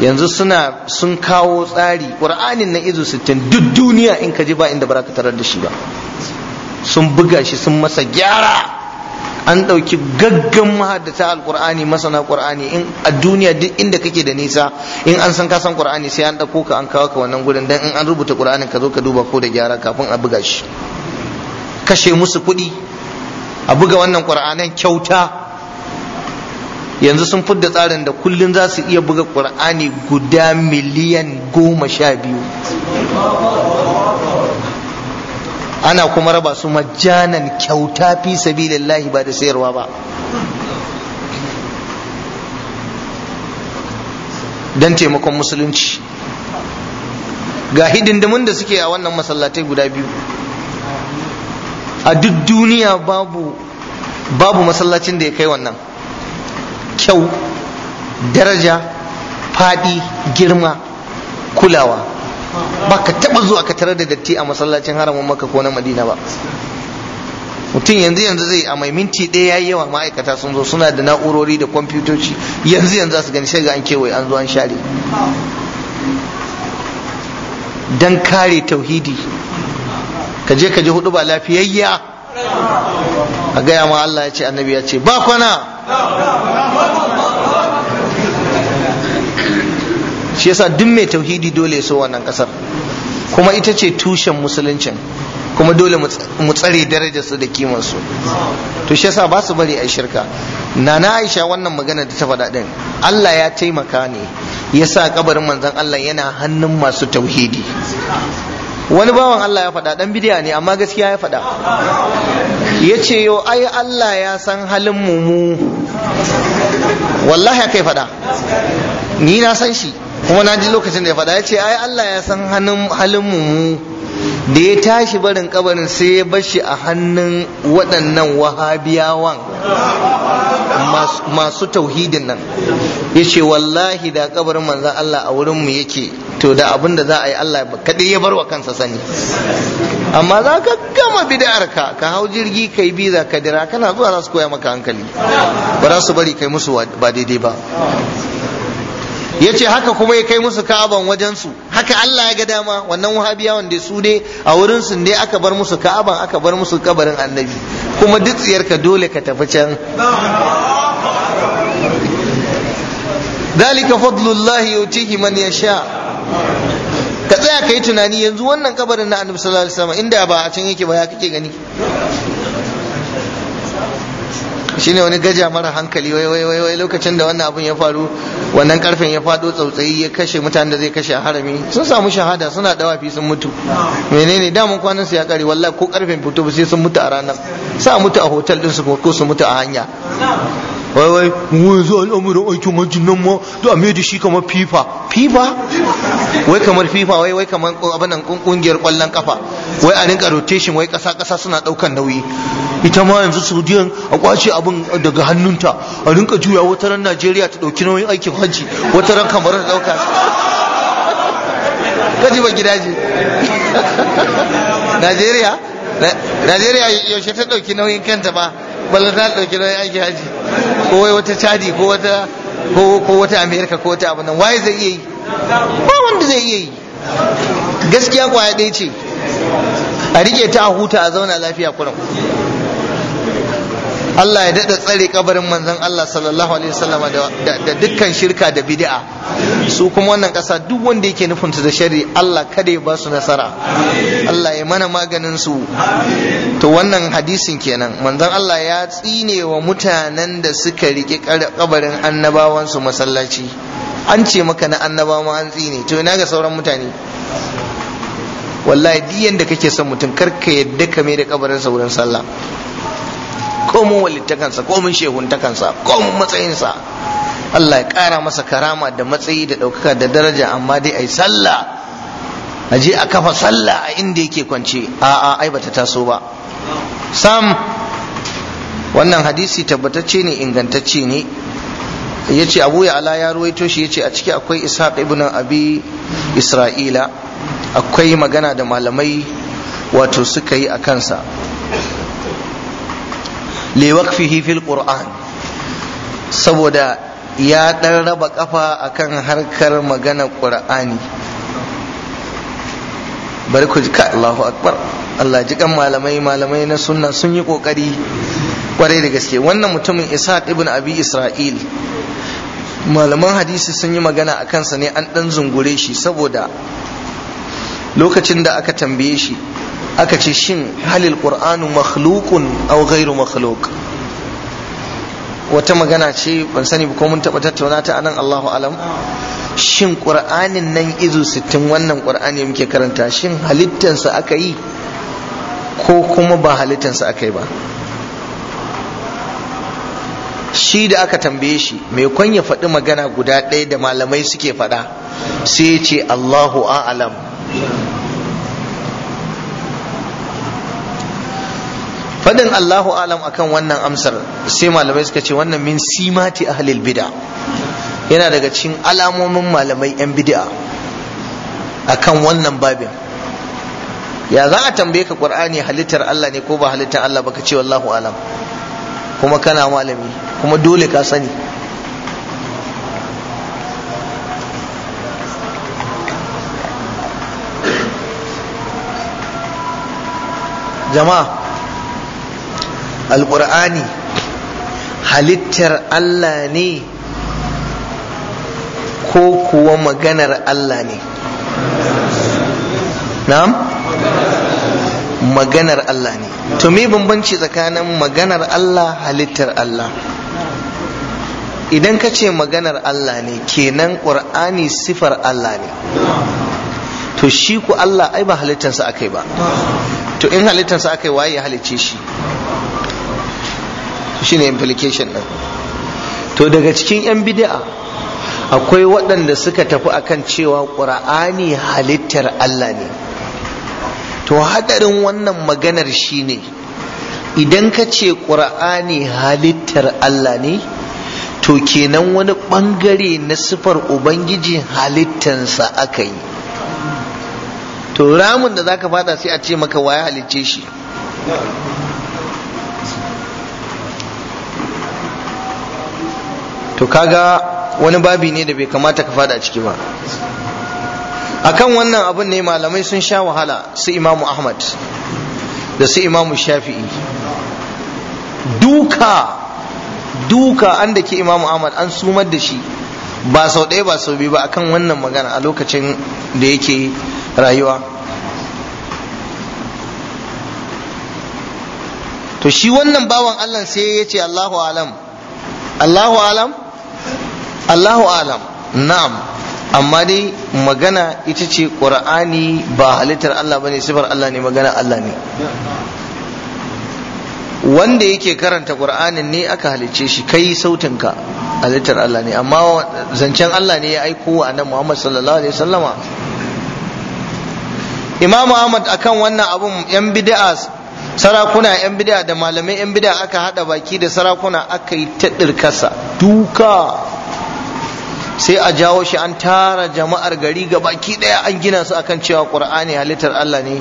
yanzu suna sun kawo tsari ƙur'anin na izu sittin duk duniya in ka ji ba inda ba ka tarar da shi ba sun buga shi sun masa gyara an ɗauki gaggan mahaddata alƙur'ani masana ƙur'ani in a duniya duk inda kake da nisa in an san kasan ƙur'ani sai an ɗauko ka an kawo ka wannan gudun. dan in an rubuta ƙur'anin ka zo ka duba ko da gyara kafin a buga shi kashe musu kuɗi a buga wannan ƙur'anin kyauta yanzu sun fidda tsarin da kullum za su iya buga ƙur'ani guda miliyan goma sha biyu ana kuma raba su majanan kyauta fi sabilillahi ba da sayarwa ba don taimakon musulunci ga hidindimin da suke a wannan masallatai guda biyu a duk duniya babu babu masallacin da ya kai wannan kyau daraja faɗi girma kulawa ba ka taɓa zuwa ka tarar da datti a masallacin haramun maka ko na madina ba mutum yanzu yanzu zai a mai minti ɗaya yayi yawa ma'aikata sun zo suna da na'urori da kwamfutoci yanzu yanzu za su gani sai ga an kewaye an zo an share dan kare tauhidi ka je ka ji hudu ba lafiyayya a gaya ma Allah ya ce annabi ya ce ba kwana shi yasa duk mai tauhidi dole ya so wannan kasar kuma ita ce tushen musuluncin kuma dole mu tsare darajar su da kimar su to shi yasa ba su bari a shirka nana Aisha wannan magana da ta faɗa din Allah ya taimaka ne yasa kabarin manzon Allah yana hannun masu tauhidi wani bawan Allah ya faɗa dan bidiya ne amma gaskiya ya faɗa ya ce yo ai Allah ya san halin mu mu wallahi kai faɗa ni na san shi kuma na ji lokacin da ya faɗa ya ce ai Allah ya san halin mu da ya tashi barin kabarin sai ya bashi a hannun waɗannan wahabiyawan masu tauhidin nan ya ce wallahi da kabarin manzan Allah a wurin mu yake to da abin da za a yi Allah kaɗai ya bar wa kansa sani amma za ka gama bid'ar ka ka hau jirgi ka yi biza ka dira kana zuwa za su koya maka hankali ba za su bari kai musu ba daidai ba ya ce haka kuma ya kai musu ka'aban wajensu haka Allah ya ga dama wannan wahabiya wanda su ne, a wurin su ne aka bar musu ka'aban aka bar musu kabarin annabi kuma duk ka dole ka tafi can dalika fadlullahi yutihi man yasha ka tsaya ka yi tunani yanzu wannan kabarin na annabi sallallahu alaihi wasallam inda ba a can yake ba ya kake gani shine wani gaja mara hankali wai wai wai lokacin da wannan abun ya faru wannan karfin ya fado tsautsayi ya kashe mutanen da zai kashe a harami sun samu shahada suna fi sun mutu menene damun kwanan su ya kare wallahi ko karfin fito sai sun mutu a ranar sa mutu a hotel din su ko su mutu a hanya wai wai mu yanzu al'amuran aikin hajjin nan ma da a da shi kamar fifa fifa wai kamar fifa wai wai kamar abinan kungiyar kwallon kafa wai a rinka rotation wai kasa kasa suna daukan nauyi ita ma yanzu saudiyan a kwace abu abin daga hannunta a rinka juya wata ran Najeriya ta dauki nauyin aikin hajji wata ran kamar ta dauka kaji ba gidaje Najeriya Najeriya yaushe ta dauki nauyin kanta ba balla ta dauki nauyin aikin hajji ko wai wata Chadi ko wata ko ko wata America ko wata abin nan waye zai iya yi ba wanda zai iya yi gaskiya kwaya ɗaya ce a rike ta a huta a zauna lafiya kurum Allah ya daɗa tsare kabarin manzon Allah sallallahu alaihi wasallam da dukkan shirka da bid'a su kuma wannan ƙasa duk wanda yake nufin su da shari Allah kada ya ba su nasara Allah ya mana maganin su to wannan hadisin kenan manzon Allah ya tsine wa mutanen da suka riƙe kabarin annabawan su masallaci an ce maka na annabawa ma an tsine to ina ga sauran mutane wallahi diyan yadda kake son mutum karka yadda ka mai da kabarin sa wurin sallah komun shehun komun shehuntakansa komun matsayinsa Allah ya ƙara masa karama da matsayi da ɗaukaka da daraja amma dai a yi sallah a je a kafa sallah a inda yake kwance a'a ai bata taso ba sam wannan hadisi tabbatacce ne ingantacce ne ya ce abu ya ala ya ruwaito shi ya ce a ciki akwai ishaq ibn abi isra'ila akwai magana da malamai wato suka yi a kansa liwaqfihi fil qur'an saboda ya dan raba kafa akan harkar magana qur'ani bari ku ji Allahu akbar Allah ji kan malamai malamai na sunna sun yi kokari kwarai da gaske wannan mutumin Isa ibn Abi Isra'il malaman hadisi sun yi magana a kansa ne an dan zungure shi saboda lokacin da aka tambaye shi aka ce shin halil qur'anu makhluqun aw ghairu makhluq wata magana ce ban sani ba ko mun taɓa tattauna ta anan Allahu alam shin qur'anin nan izu 60 wannan qur'ani muke karanta shin halittansa aka yi ko kuma ba halittansa aka yi ba shi da aka tambaye shi mai kwan ya faɗi magana guda ɗaya da malamai suke faɗa sai ya ce Allahu a'alam fadin Allahu alam akan wannan amsar sai malamai suka ce wannan min simati ahlil bid'a yana daga cikin alamomin malamai yan bid'a akan wannan babin ya za a tambaye ka qur'ani halittar Allah ne ko ba halittar Allah ba ka ce wallahu alam kuma kana malami kuma dole ka sani jama'a alƙur'ani halittar Allah ne ko kuwa maganar Allah ne na'am maganar Allah ne to me bambanci tsakanin maganar Allah halittar Allah idan ka ce maganar Allah ne kenan ƙur'ani sifar Allah ne to shi ku Allah ai ba halittarsa aka yi ba to in halittarsa aka yi waye ya halicce shi shine implication ɗin. to daga cikin yan bid'a akwai waɗanda suka tafi akan cewa ƙura'ani halittar Allah ne to haɗarin wannan maganar shine idan ka ce ƙura'ani halittar Allah ne to kenan wani ɓangare na sifar ubangiji halittansa aka yi to ramin da zaka fada sai a ce maka waye halicce shi to kaga wani babi ne da bai kamata ka fada a ciki ba akan wannan abun ne malamai sun sha wahala su imamu ahmad da su imamu shafi'i duka duka an da ke imamu ahmad an sumar da shi ba sau ɗaya ba sau biyu ba akan wannan magana a lokacin da yake rayuwa to shi wannan bawan allah sai ya ce allahu alam allahu alam Allahu alam na'am amma dai magana ita ce qur'ani ba halittar Allah bane sifar Allah ne magana Allah ne wanda yake karanta qur'anin ne aka halicce shi kai sautinka halittar Allah ne amma zancen Allah ne ya aiko wa annabi Muhammad sallallahu alaihi wasallama Imam Ahmad akan wannan abun yan bid'a sarakuna yan bid'a da malamai yan bid'a aka hada baki da sarakuna aka yi ta duka sai a jawo shi an tara jama'ar gari ga baki daya an gina su akan cewa qur'ani halittar Allah ne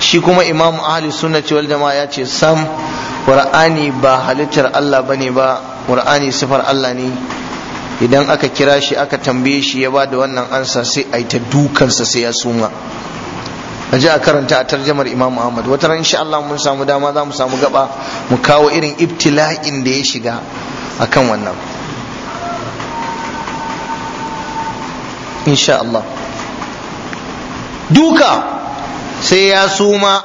shi kuma imamu ahli sunnati wal jama'a ya ce sam qur'ani ba halittar Allah bane ba qur'ani sifar Allah ne idan aka kira shi aka tambaye shi ya ba da wannan ansa sai a yi ta dukansa sai ya suma a ji a karanta a tarjamar imam ahmad wata ran insha Allah mun samu dama za mu samu gaba mu kawo irin ibtila'in da ya shiga akan wannan insha Allah duka sai ya suma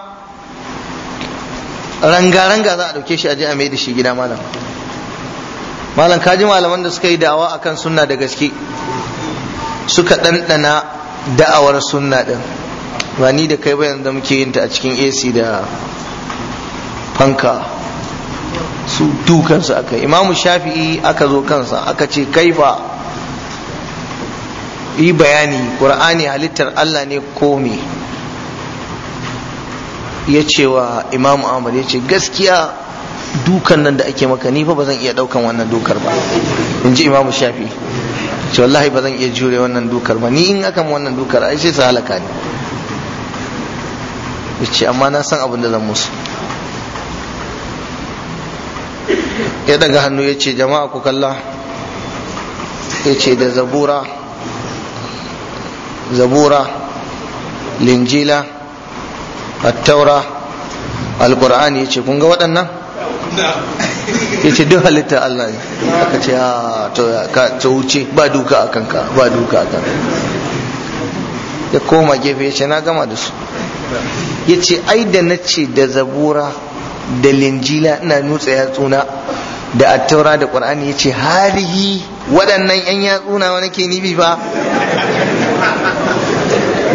ranga-ranga za a ɗauke shi a a mai da shi gida malam malam kaji malaman da suka yi da'awa akan sunna da gaske suka ɗanɗana da'awar sunna ɗin ba ni da kai ba yanzu muke yin ta a cikin ac da fanka su dukansu aka imamu shafi'i aka zo kansa aka ce kaifa yi bayani qur'ani halittar Allah ne kome ya ce wa imamu ahmad ya ce gaskiya dukan nan da ake maka ni fa ba zan iya daukan wannan dukar ba in ji imamu shafi ce wallahi ba zan iya jure wannan dukar ba ni in aka wannan dukar ai sai su halaka ni ya ce amma na san abin da zan musu ya daga hannu ya ce jama'a ku kalla ya ce da zabura زبورة linjila attaura القرآن ya ce kun ga waɗannan ya ce duk halitta Allah ne aka ce ah, ka ta wuce ba duka a kanka ba duka a kanka ya koma gefe ya ce na gama da su ya ce ai da na ce da zabura da linjila ina nutsa yatsuna da attaura da ƙur'ani ya ce harihi waɗannan 'yan yatsuna wani ke nibi ba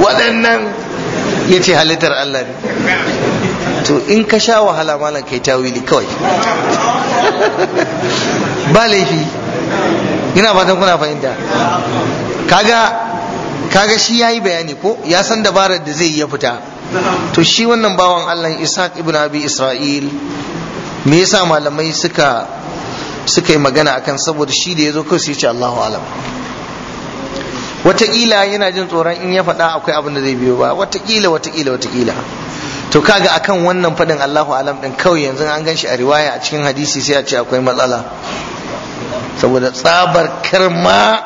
waɗannan ya ce halittar Allah ne to in ka sha wahala malam kai tawili kawai [LAUGHS] ba laifi ina fatan kuna fahimta kaga kaga shi yayi bayani ko ya san dabarar da zai ya fita to shi wannan bawan Allah Isaac ibn Abi Isra'il me yasa malamai suka suka yi magana akan saboda shi da zo kawai sai ya ce Allahu alam wataƙila yana jin tsoron in ya faɗa akwai abin da zai biyo ba wataƙila wataƙila wataƙila to kaga akan wannan faɗin Allahu alam ɗin kawai yanzu an gan shi a riwaya a cikin hadisi sai a ce akwai matsala saboda tsabar karma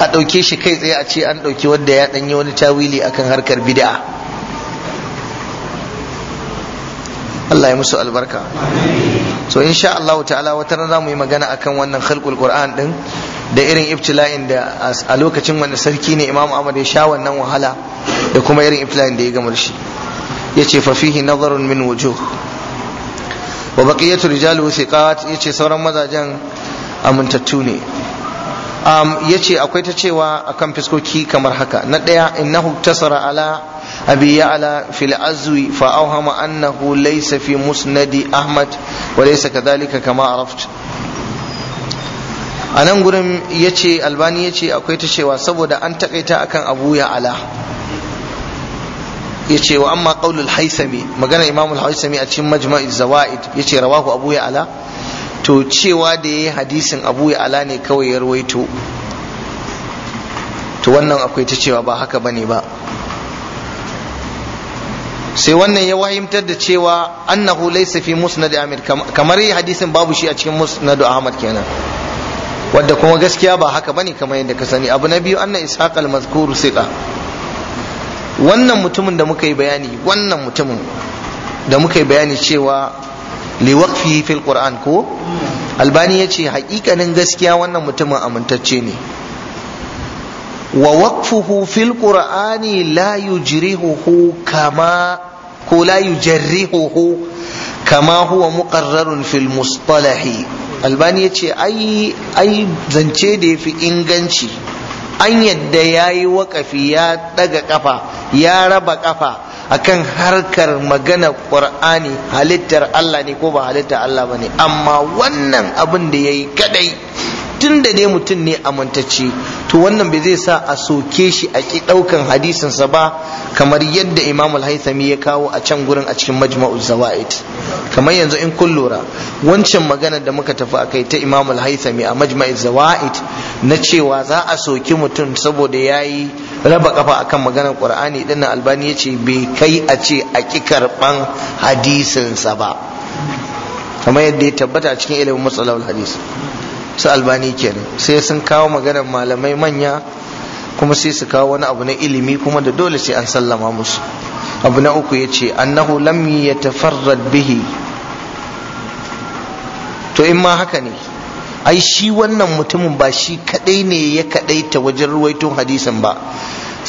a ɗauke shi kai tsaye a ce an ɗauki wanda ya ɗanyi wani tawili akan harkar bid'a Allah ya musu albarka so insha Allah ta'ala wata rana mu yi magana akan wannan khalqul Qur'an din da irin ibtila'in da a lokacin wani sarki ne imam ahmad ya sha wannan wahala da kuma irin ibtila'in da ya gamar shi ya ce fafihi nazarun min wujuh wa baqiyatu sai thiqat ya ce sauran mazajen amintattu ne ya ce akwai ta cewa akan fiskoki kamar haka na ɗaya innahu tasara ala abi ya'la fil azwi fa awhama annahu laysa fi musnadi ahmad wa laysa kadhalika kama a nan gurin ya ce albani ya ce akwai ta cewa saboda an takaita akan abu ya ala ya ce wa amma qaulul haisami magana imamul haisami a cikin majma'iz zawaid ya ce rawahu abu ya ala to cewa da yayi hadisin abu ya ala ne kawai ya rawaito to wannan akwai ta cewa ba haka bane ba sai wannan ya wahimtar da cewa annahu laysa fi musnad amir kamar yi hadisin babu shi a cikin musnad ahmad kenan wadda kuma gaskiya ba haka bane kamar yadda ka sani abu na biyu anna ishaq al-mazkur siqa wannan mutumin da muka yi bayani wannan mutumin da muka yi bayani cewa liwaqfi fil qur'an ko albani yace haƙiƙanin gaskiya wannan mutumin amintacce ne wa waqfuhu fil qur'ani la yujrihuhu kama ko la yujarrihuhu kama huwa muqarrarun fil mustalahi albani ya ce ai zance da ya fi inganci an yadda ya yi waƙafi ya daga kafa ya raba ƙafa akan harkar magana ƙur'ani halittar Allah ne ko ba halittar Allah ba ne amma wannan abin da ya yi kadai tun da dai mutum ne amintacce to wannan bai zai sa a soke shi a ki hadisin hadisinsa ba kamar yadda imam al-haythami ya kawo a can gurin a cikin majma'u zawaid kamar yanzu in kun lura wancan magana da muka tafi a kai ta imam al-haythami a majma'u zawaid na cewa za a soki mutum saboda yayi raba kafa akan maganar qur'ani dinnan albani yace bai kai a ce a ki karban hadisinsa ba kamar yadda ya tabbata cikin ilimin matsalar hadisi su albani kenan sai sun kawo maganar malamai manya kuma sai su kawo wani abu na ilimi kuma da dole sai an sallama musu abu na uku ya yace annahu lam yatafarrad bihi to in ma haka ne ai shi wannan mutumin ba shi kadai ne ya kadai ta wajen ruwaiton hadisin ba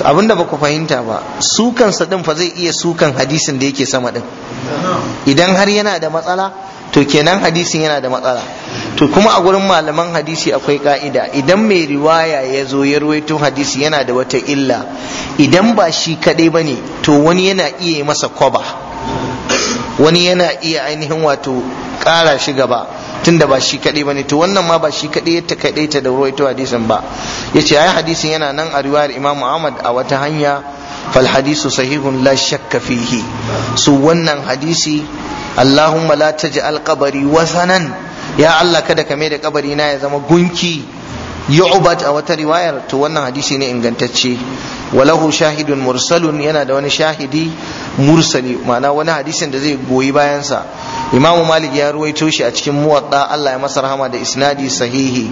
abinda ba ku fahimta ba sukan sa din fa zai iya sukan hadisin da yake sama din idan har yana da matsala to kenan hadisin yana da matsala to kuma a gurin malaman hadisi akwai ka'ida idan mai riwaya ya zo ya ruwaito hadisi yana da wata illa idan ba shi kadai ba ne to wani yana iya masa kwaba wani yana iya ainihin wato kara shi gaba tunda ba shi kadai ba ne to wannan ma ba shi kadai ya ta da ruwaito hadisin ba yace ai hadisin yana nan a riwayar Imam ahmad a wata hanya fal hadisu sahihun la shakka fihi su wannan hadisi Allahumma la taj'al qabari wasanan ya Allah kada ka mai da kabari na ya zama gunki yu'bad a wata riwayar to wannan hadisi ne ingantacce walahu shahidun mursalun yana da wani shahidi mursali ma'ana wani hadisin da zai goyi bayansa imam malik ya ruwaito shi a cikin muwatta Allah ya masa rahama da isnadi sahihi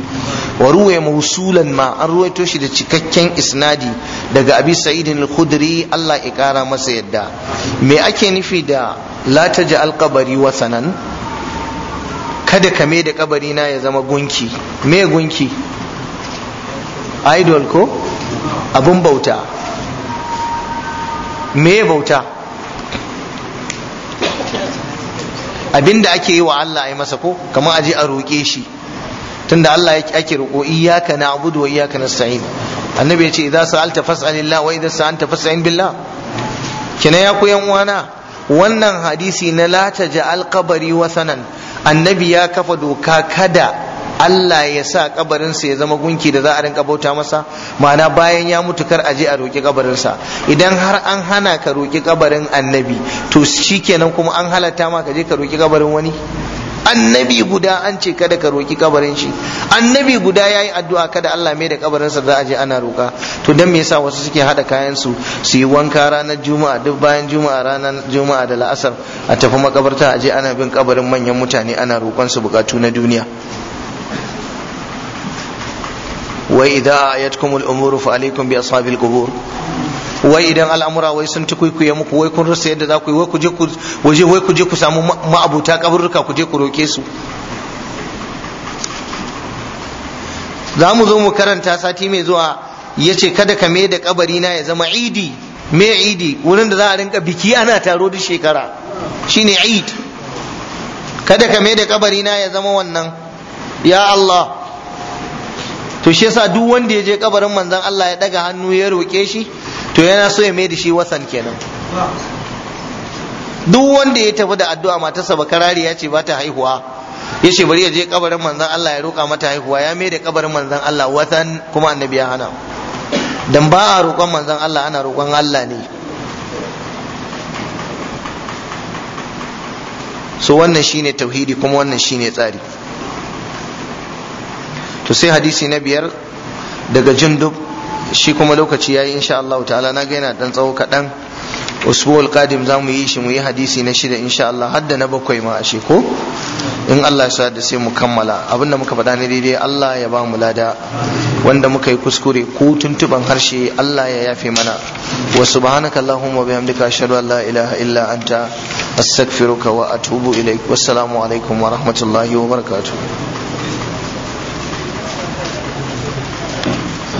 wa ruwaya mausulan ma an ruwaito shi da cikakken isnadi daga abi sa'idin al-khudri Allah ya kara masa yadda me ake nufi da la taj'al qabari wasanan kada ka da kabari na ya zama gunki me gunki idol ko abun bauta me bauta abinda ake yi wa Allah ya masa ko kamar aje a roƙe shi tunda Allah ake roƙo iyyaka na'budu wa iyyaka nasta'in annabi ya ce idza sa'alta fas'alillah wa idza sa'anta fas'in billah kina ya ku yan uwana wannan hadisi na la taj'al qabri sanan annabi ya kafa doka kada Allah ya sa kabarinsa ya zama gunki da za a rinka bauta masa ma'ana bayan ya mutu kar a je a roƙi kabarinsa idan har an hana ka roƙi kabarin annabi to shikenan kuma an halatta ma ka je ka roƙi kabarin wani annabi guda an ce kada ka roƙi kabarin shi annabi guda ya yi addu'a kada Allah mai da kabarin sa za a je ana roƙa to dan me yasa wasu suke haɗa kayan su su yi wanka ranar juma'a duk bayan juma'a ranar juma'a da la'asar a tafi makabarta a je ana bin kabarin manyan mutane ana roƙon su bukatu na duniya وإذا آيتكم الأمور فعليكم بأصحاب القبور wai idan al'amura wai sun ya muku wai kun rasa yadda za ku yi wai ku je ku waje wai ku je ku samu ma'abuta kaburruka ku je ku roke su za mu zo mu karanta sati mai zuwa ya ce kada ka mai da kabari na ya zama idi me idi wurin da za a rinka biki ana taro duk shekara shine id kada ka mai da kabari na ya zama wannan ya Allah to shi yasa duk wanda ya je kabarin manzon Allah ya daga hannu ya roke shi to yana so ya mai da shi wasan kenan duk wanda ya tafi da addu'a matarsa bakarari ya ce ba ta haihuwa ya ce bari ya je kabarin manzon Allah ya roka mata haihuwa ya mai da kabarin manzon Allah wasan kuma annabi ya hana dan ba a roƙon manzon Allah ana roƙon Allah ne so wannan shine tauhidi kuma wannan shine tsari to sai hadisi na biyar daga jindub shi kuma lokaci yayi insha Allah ta'ala na ga yana dan tsawo kaɗan usbu'ul qadim za mu yi shi mu yi hadisi na shida insha Allah hadda na bakwai ma ashe ko in Allah ya sa da sai mu kammala abinda muka faɗa ne daidai Allah ya ba mu lada wanda muka yi kuskure ko tuntuban harshe Allah ya yafe mana wa subhanaka allahumma bihamdika ashhadu an la ilaha illa anta astaghfiruka wa atubu ilaik wassalamu alaikum wa rahmatullahi wa barakatuh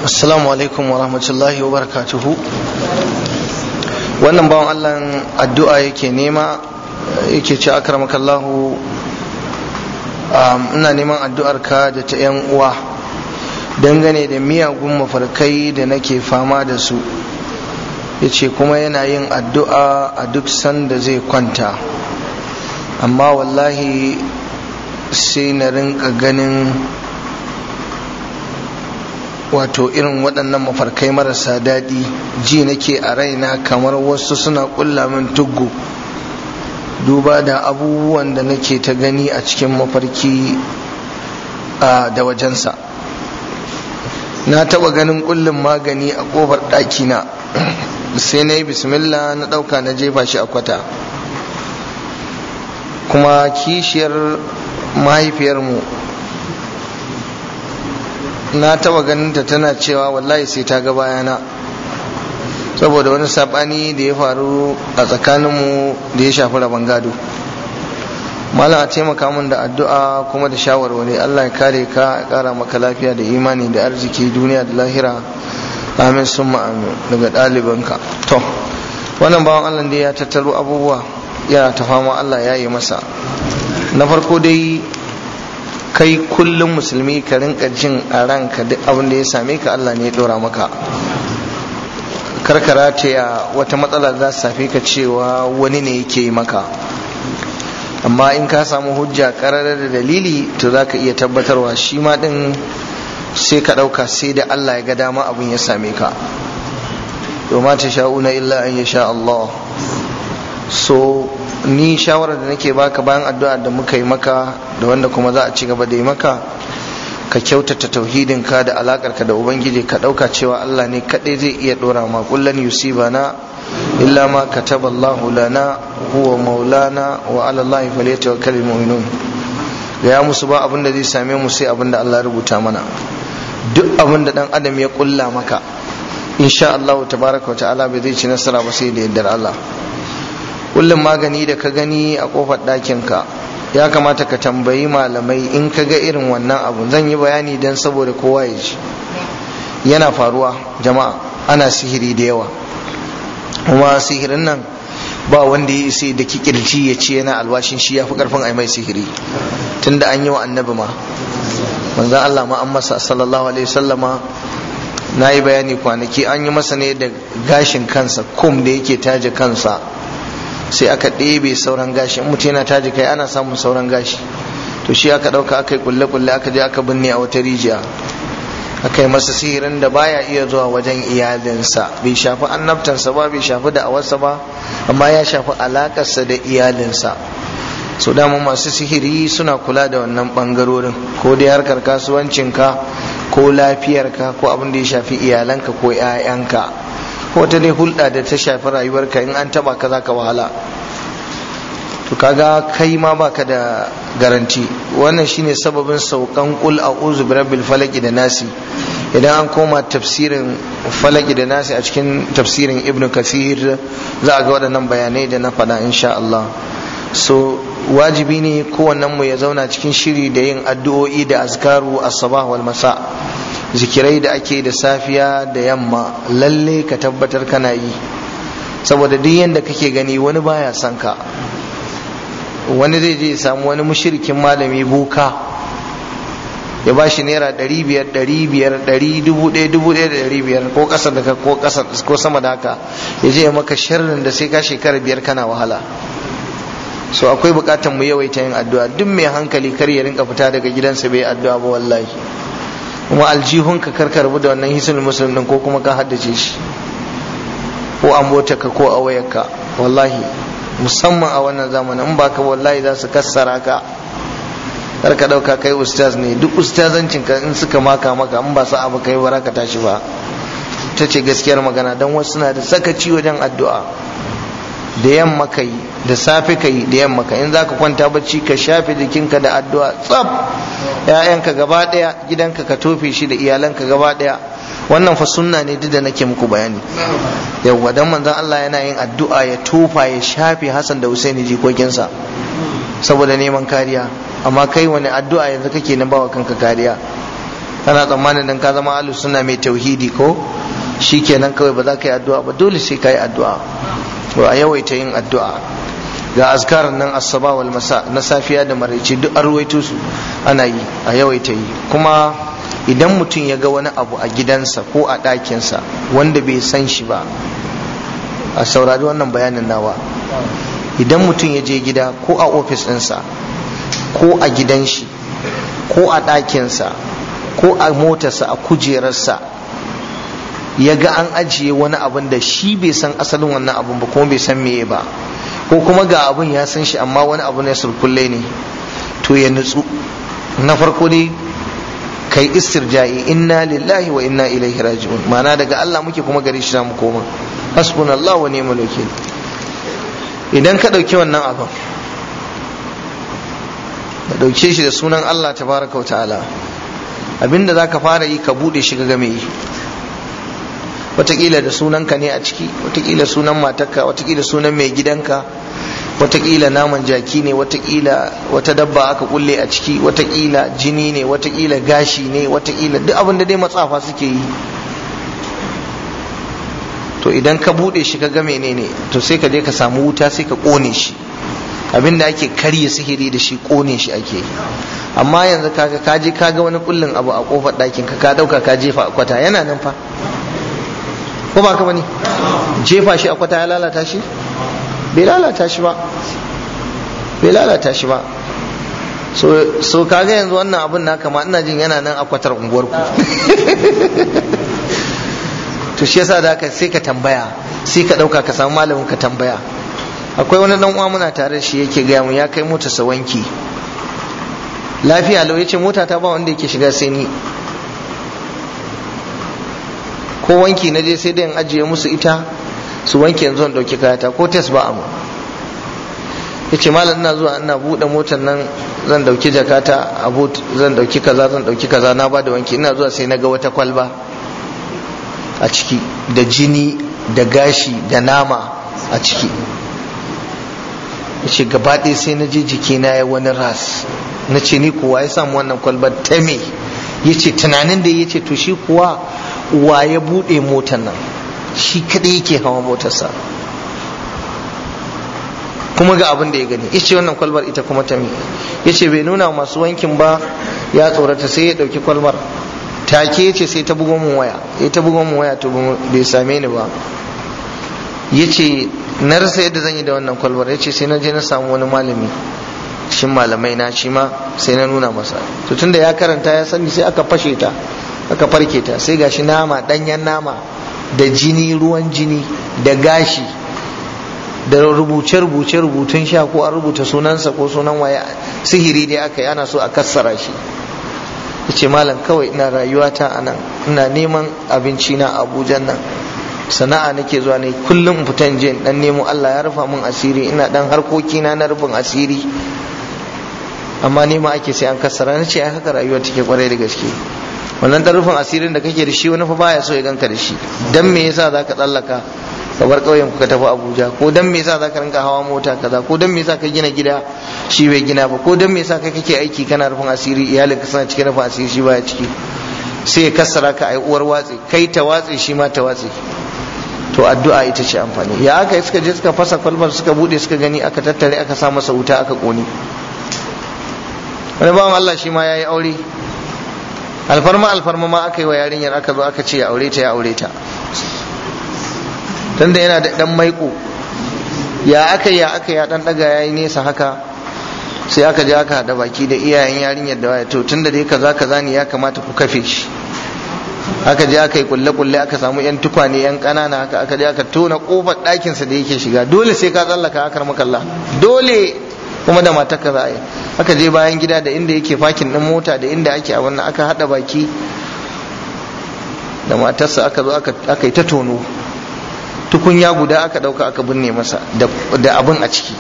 assalamu alaikum wa rahmatullahi wa barakatuhu wannan bawan allah addu'a yake nema yake ce akramakallahu um, ina neman addu'ar ka da ta yan uwa dangane da miyagun mafarkai da nake fama da su yace kuma yana yin addu'a a duk sanda zai kwanta amma wallahi sai na rinka ganin wato irin waɗannan mafarkai marasa daɗi ji nake a raina kamar wasu suna ƙulla min tuggu duba da abubuwan da nake ta gani a cikin mafarki da wajensa na taɓa ganin ƙullin magani a ƙofar ɗakina [CLEARS THROAT] sai na yi bismillah na ɗauka na jefa shi a kwata kuma kishiyar mahaifiyarmu na taba ganinta tana cewa wallahi sai ta ga bayana saboda wani sabani da ya faru a tsakaninmu da ya shafi rabon gado malam a taimaka min da addu'a kuma da shawarwari allah ya kare ka kara maka lafiya da imani da arziki duniya da lahira amin sun amin daga ɗalibanka to wannan bawan allah da ya tattaro abubuwa yana ta fama allah ya yi masa na farko dai kai kullum musulmi ka rinka jin a ranka duk abin da ya same ka Allah ne ya dora maka karkara ta rataya wata matsala za su safe ka cewa wani ne yake yi maka amma in ka samu hujja karara da dalili to za ka iya tabbatarwa shi ma din sai ka ɗauka sai da Allah ya ga dama abin ya same ka domin ta sha'una illa an ya sha Allah so ni shawarar da nake baka bayan addu'a da muka yi maka da wanda kuma za a ci gaba da yi maka ka kyautata tauhidin ka da alakar da ubangiji ka dauka cewa Allah ne kadai zai iya dora ma kullan yusibana illa ma kataballahu lana huwa maulana wa ala Allah falyatawakkal mu'minun da ya musu ba abin da zai same mu sai abin da Allah rubuta mana duk abin da dan adam ya kulla maka insha Allah tabaraka wa ta'ala bai zai ci nasara ba sai da yardar Allah kullum magani da ka gani a kofar ɗakinka ya kamata ka tambayi malamai in ka ga irin wannan abu zan yi bayani don saboda kowa ya ji yana faruwa jama'a ana sihiri da yawa kuma sihirin nan ba wanda ya isa da kikirci ya ce yana alwashin shi ya fi karfin ai mai sihiri tunda an yi wa annabi ma manzon Allah ma an masa sallallahu alaihi sallama, na yi bayani kwanaki an yi masa ne da gashin kansa kum da yake taje kansa sai aka ɗebe sauran gashi in mutum yana taji kai ana samun sauran gashi to shi aka ɗauka aka yi kulle-kulle aka je aka binne a wata rijiya aka yi masa sihirin da baya iya zuwa wajen iyalinsa bai shafi annabtansa ba bai shafi da awarsa ba amma ya shafi alakarsa da iyalinsa so dama masu sihiri suna kula da wannan bangarorin ko dai harkar kasuwancinka ko lafiyarka ko abin da ya shafi iyalanka ko 'ya'yanka ko ta ne hulɗa da ta shafi rayuwarka in an taba ka za ka wahala to kaga kai ma baka da garanti wannan shine sababin saukan kul a'udhu birabbil falaki da nasi idan an koma tafsirin falaki da nasi a cikin tafsirin ibnu kathir za a ga waɗannan bayanai da na faɗa insha Allah so wajibi ne kowannen mu ya zauna cikin shiri da yin addu'o'i da azkaru as-sabah wal masa zikirai da ake da safiya da yamma lalle ka tabbatar kana yi saboda duk yadda kake gani wani baya son ka wani zai je samu wani mushirikin malami buka, ya ba shi naira ɗari biyar ɗari biyar ɗari dubu ɗaya dubu ɗaya da ɗari biyar ko ƙasa da ko ƙasa ko sama da haka ya je ya maka shirin da sai ka shekara biyar kana wahala so akwai buƙatar mu yawaita yin addu'a duk mai hankali kar ya rinka fita daga gidansa bai addu'a ba wallahi kuma aljihunka karka rabu da wannan hisul muslim din ko kuma ka haddace shi ko a ka ko a wayarka wallahi musamman a wannan zamanin in baka wallahi za su kassara ka kar ka dauka kai ustaz ne duk ustazancin ka in suka maka maka in ba su abu kai ba ka tashi ba ta ce gaskiyar magana dan wasu suna da sakaci wajen addu'a da yamma kai da safe ka yi da yamma ka in za ka kwanta bacci ka shafe jikinka da addu'a tsaf ‘ya'yanka gaba ɗaya gidanka ka tofe shi da iyalanka gaba ɗaya wannan fa sunna ne duk da nake muku bayani yawwa dan manzon Allah yana yin addu'a ya tofa ya shafe Hassan da jikokin sa saboda neman kariya amma kai wani addu'a yanzu kake na bawa kanka kariya kana tsammanin dan ka zama alu sunna mai tauhidi ko shi kenan kawai ba za ka yi addu'a ba dole sai ka yi addu'a Ba a yawaita yin addu'a ga azkarar nan asaba wal masa na safiya da maraice duk an ruwaito su ana yi a yawaita yi kuma idan mutum ya ga wani abu a gidansa ko a ɗakinsa wanda bai san shi ba a saurari wannan bayanin nawa idan mutum ya je gida ko a ofis ɗinsa ko a gidan shi ko a ɗakinsa ko a motarsa a kujerarsa ya ga an ajiye wani abin da shi bai san asalin wannan abin ba kuma bai san meye ba ko kuma ga abin ya san shi amma wani abu ne surkulle ne to ya nutsu na farko ne kai istirja'i inna lillahi wa inna ilaihi raji'un ma'ana daga Allah muke kuma gare shi mu koma hasbunallahu wa ni'mal wakil idan ka dauki wannan abin ka dauke shi da sunan Allah tabaaraka wa ta'ala abinda zaka fara yi ka bude shi ga game watakila da sunanka ne a ciki watakila sunan matarka watakila sunan mai gidanka watakila naman jaki ne watakila wata dabba aka kulle a ciki watakila jini ne watakila gashi ne watakila duk abin da dai matsafa suke yi to idan ka bude shi ka ga menene to sai ka je ka samu wuta sai ka kone shi abin da ake karya sihiri da shi kone shi ake amma yanzu kaga kaje kaga wani kullin abu a kofar ɗakin ka ka dauka ka jefa kwata yana nan fa ko ba ka bane jefa shi a ya lalata shi bai lalata shi ba bai lalata shi ba so, kaga yanzu wannan abin na kama ina jin yana nan akwatar unguwarku, unguwar [LAUGHS] ku to shi yasa da sai ka tambaya sai ka dauka ka samu malamin ka tambaya akwai wani dan uwa muna tare shi yake gaya mu ya kai mota sa wanki lafiya lau yace mota ta ba wanda yake shiga sai ni ko wanki na je sai dai in ajiye musu ita su wanke yanzu an ɗauki kayata ko tes ba amu ya ce malam ina zuwa ina buɗe motar nan zan ɗauki jakata a boot zan ɗauki kaza zan ɗauki kaza na ba da wanki ina zuwa sai na ga wata kwalba a ciki da jini da gashi da nama a ciki ya gaba ɗaya sai na je jikina ya wani ras na ce ni kuwa ya samu wannan kwalbar ta me yace ce tunanin da ya to shi kuwa wa ya buɗe motar nan shi kadai yake hawa motarsa kuma ga abin da ya gani ya ce wannan kwalbar ita kuma ta mi ya ce bai nuna masu wankin ba ya tsorata sai ya ɗauki kwalbar take ya ce sai ta bugo mun waya ya ta bugo mun waya to bai same ni ba ya ce na rasa yadda zan yi da wannan kwalbar ya ce sai na je na samu wani malami shi malamai na shi ma sai na nuna masa to tunda ya karanta ya sani sai aka fashe ta aka farke ta sai gashi nama danyen nama da jini ruwan jini da gashi da rubuce rubuce rubutun sha ko an rubuta sunansa ko sunan waya sihiri dai aka yi ana so a kassara shi yace malam kawai ina rayuwata anan ina neman abinci na Abuja nan sana'a nake zuwa ne kullum fitan jin dan nemo Allah ya rufa mun asiri ina dan harkoki na na rufin asiri amma nema ake sai an kassara nace ai haka rayuwar take kwarai da gaske wannan dan rufin asirin da kake da shi wani fa baya so ya ganka da shi dan me yasa zaka tsallaka ka bar ku ka tafi Abuja ko dan me yasa zaka rinka hawa mota kaza ko dan me yasa ka gina gida shi bai gina ba ko dan me yasa kai kake aiki kana rufin asiri ka suna cikin rufin asiri shi baya ciki sai ya kassara ka ai uwar watsi kai ta watsi shi ma ta watsi to addu'a ita ce amfani ya aka suka je suka fasa kwalbar suka bude suka gani aka tattare aka sa masa wuta aka kone wani bawan Allah shi ma yayi aure alfarma alfarma ma aka yi wa yarinyar aka zo aka ce ya aure ta ya aure ta tunda yana da dan maiƙo. ya aka ya aka ya dan daga yayi nesa haka sai aka je aka hada baki da iyayen yarinyar da waya to tunda dai kaza kaza ne ya kamata ku kafe shi aka je aka yi kulle kulle aka samu yan tukwane yan kanana haka aka je aka tona kofar ɗakinsa da yake shiga dole sai ka tsallaka akar makalla dole kuma da matarka za a aka je bayan gida da inda yake fakin din mota da inda ake a wannan aka hada baki da matarsa aka zo aka yi ta tono tukunya guda aka dauka aka binne masa da abin a ciki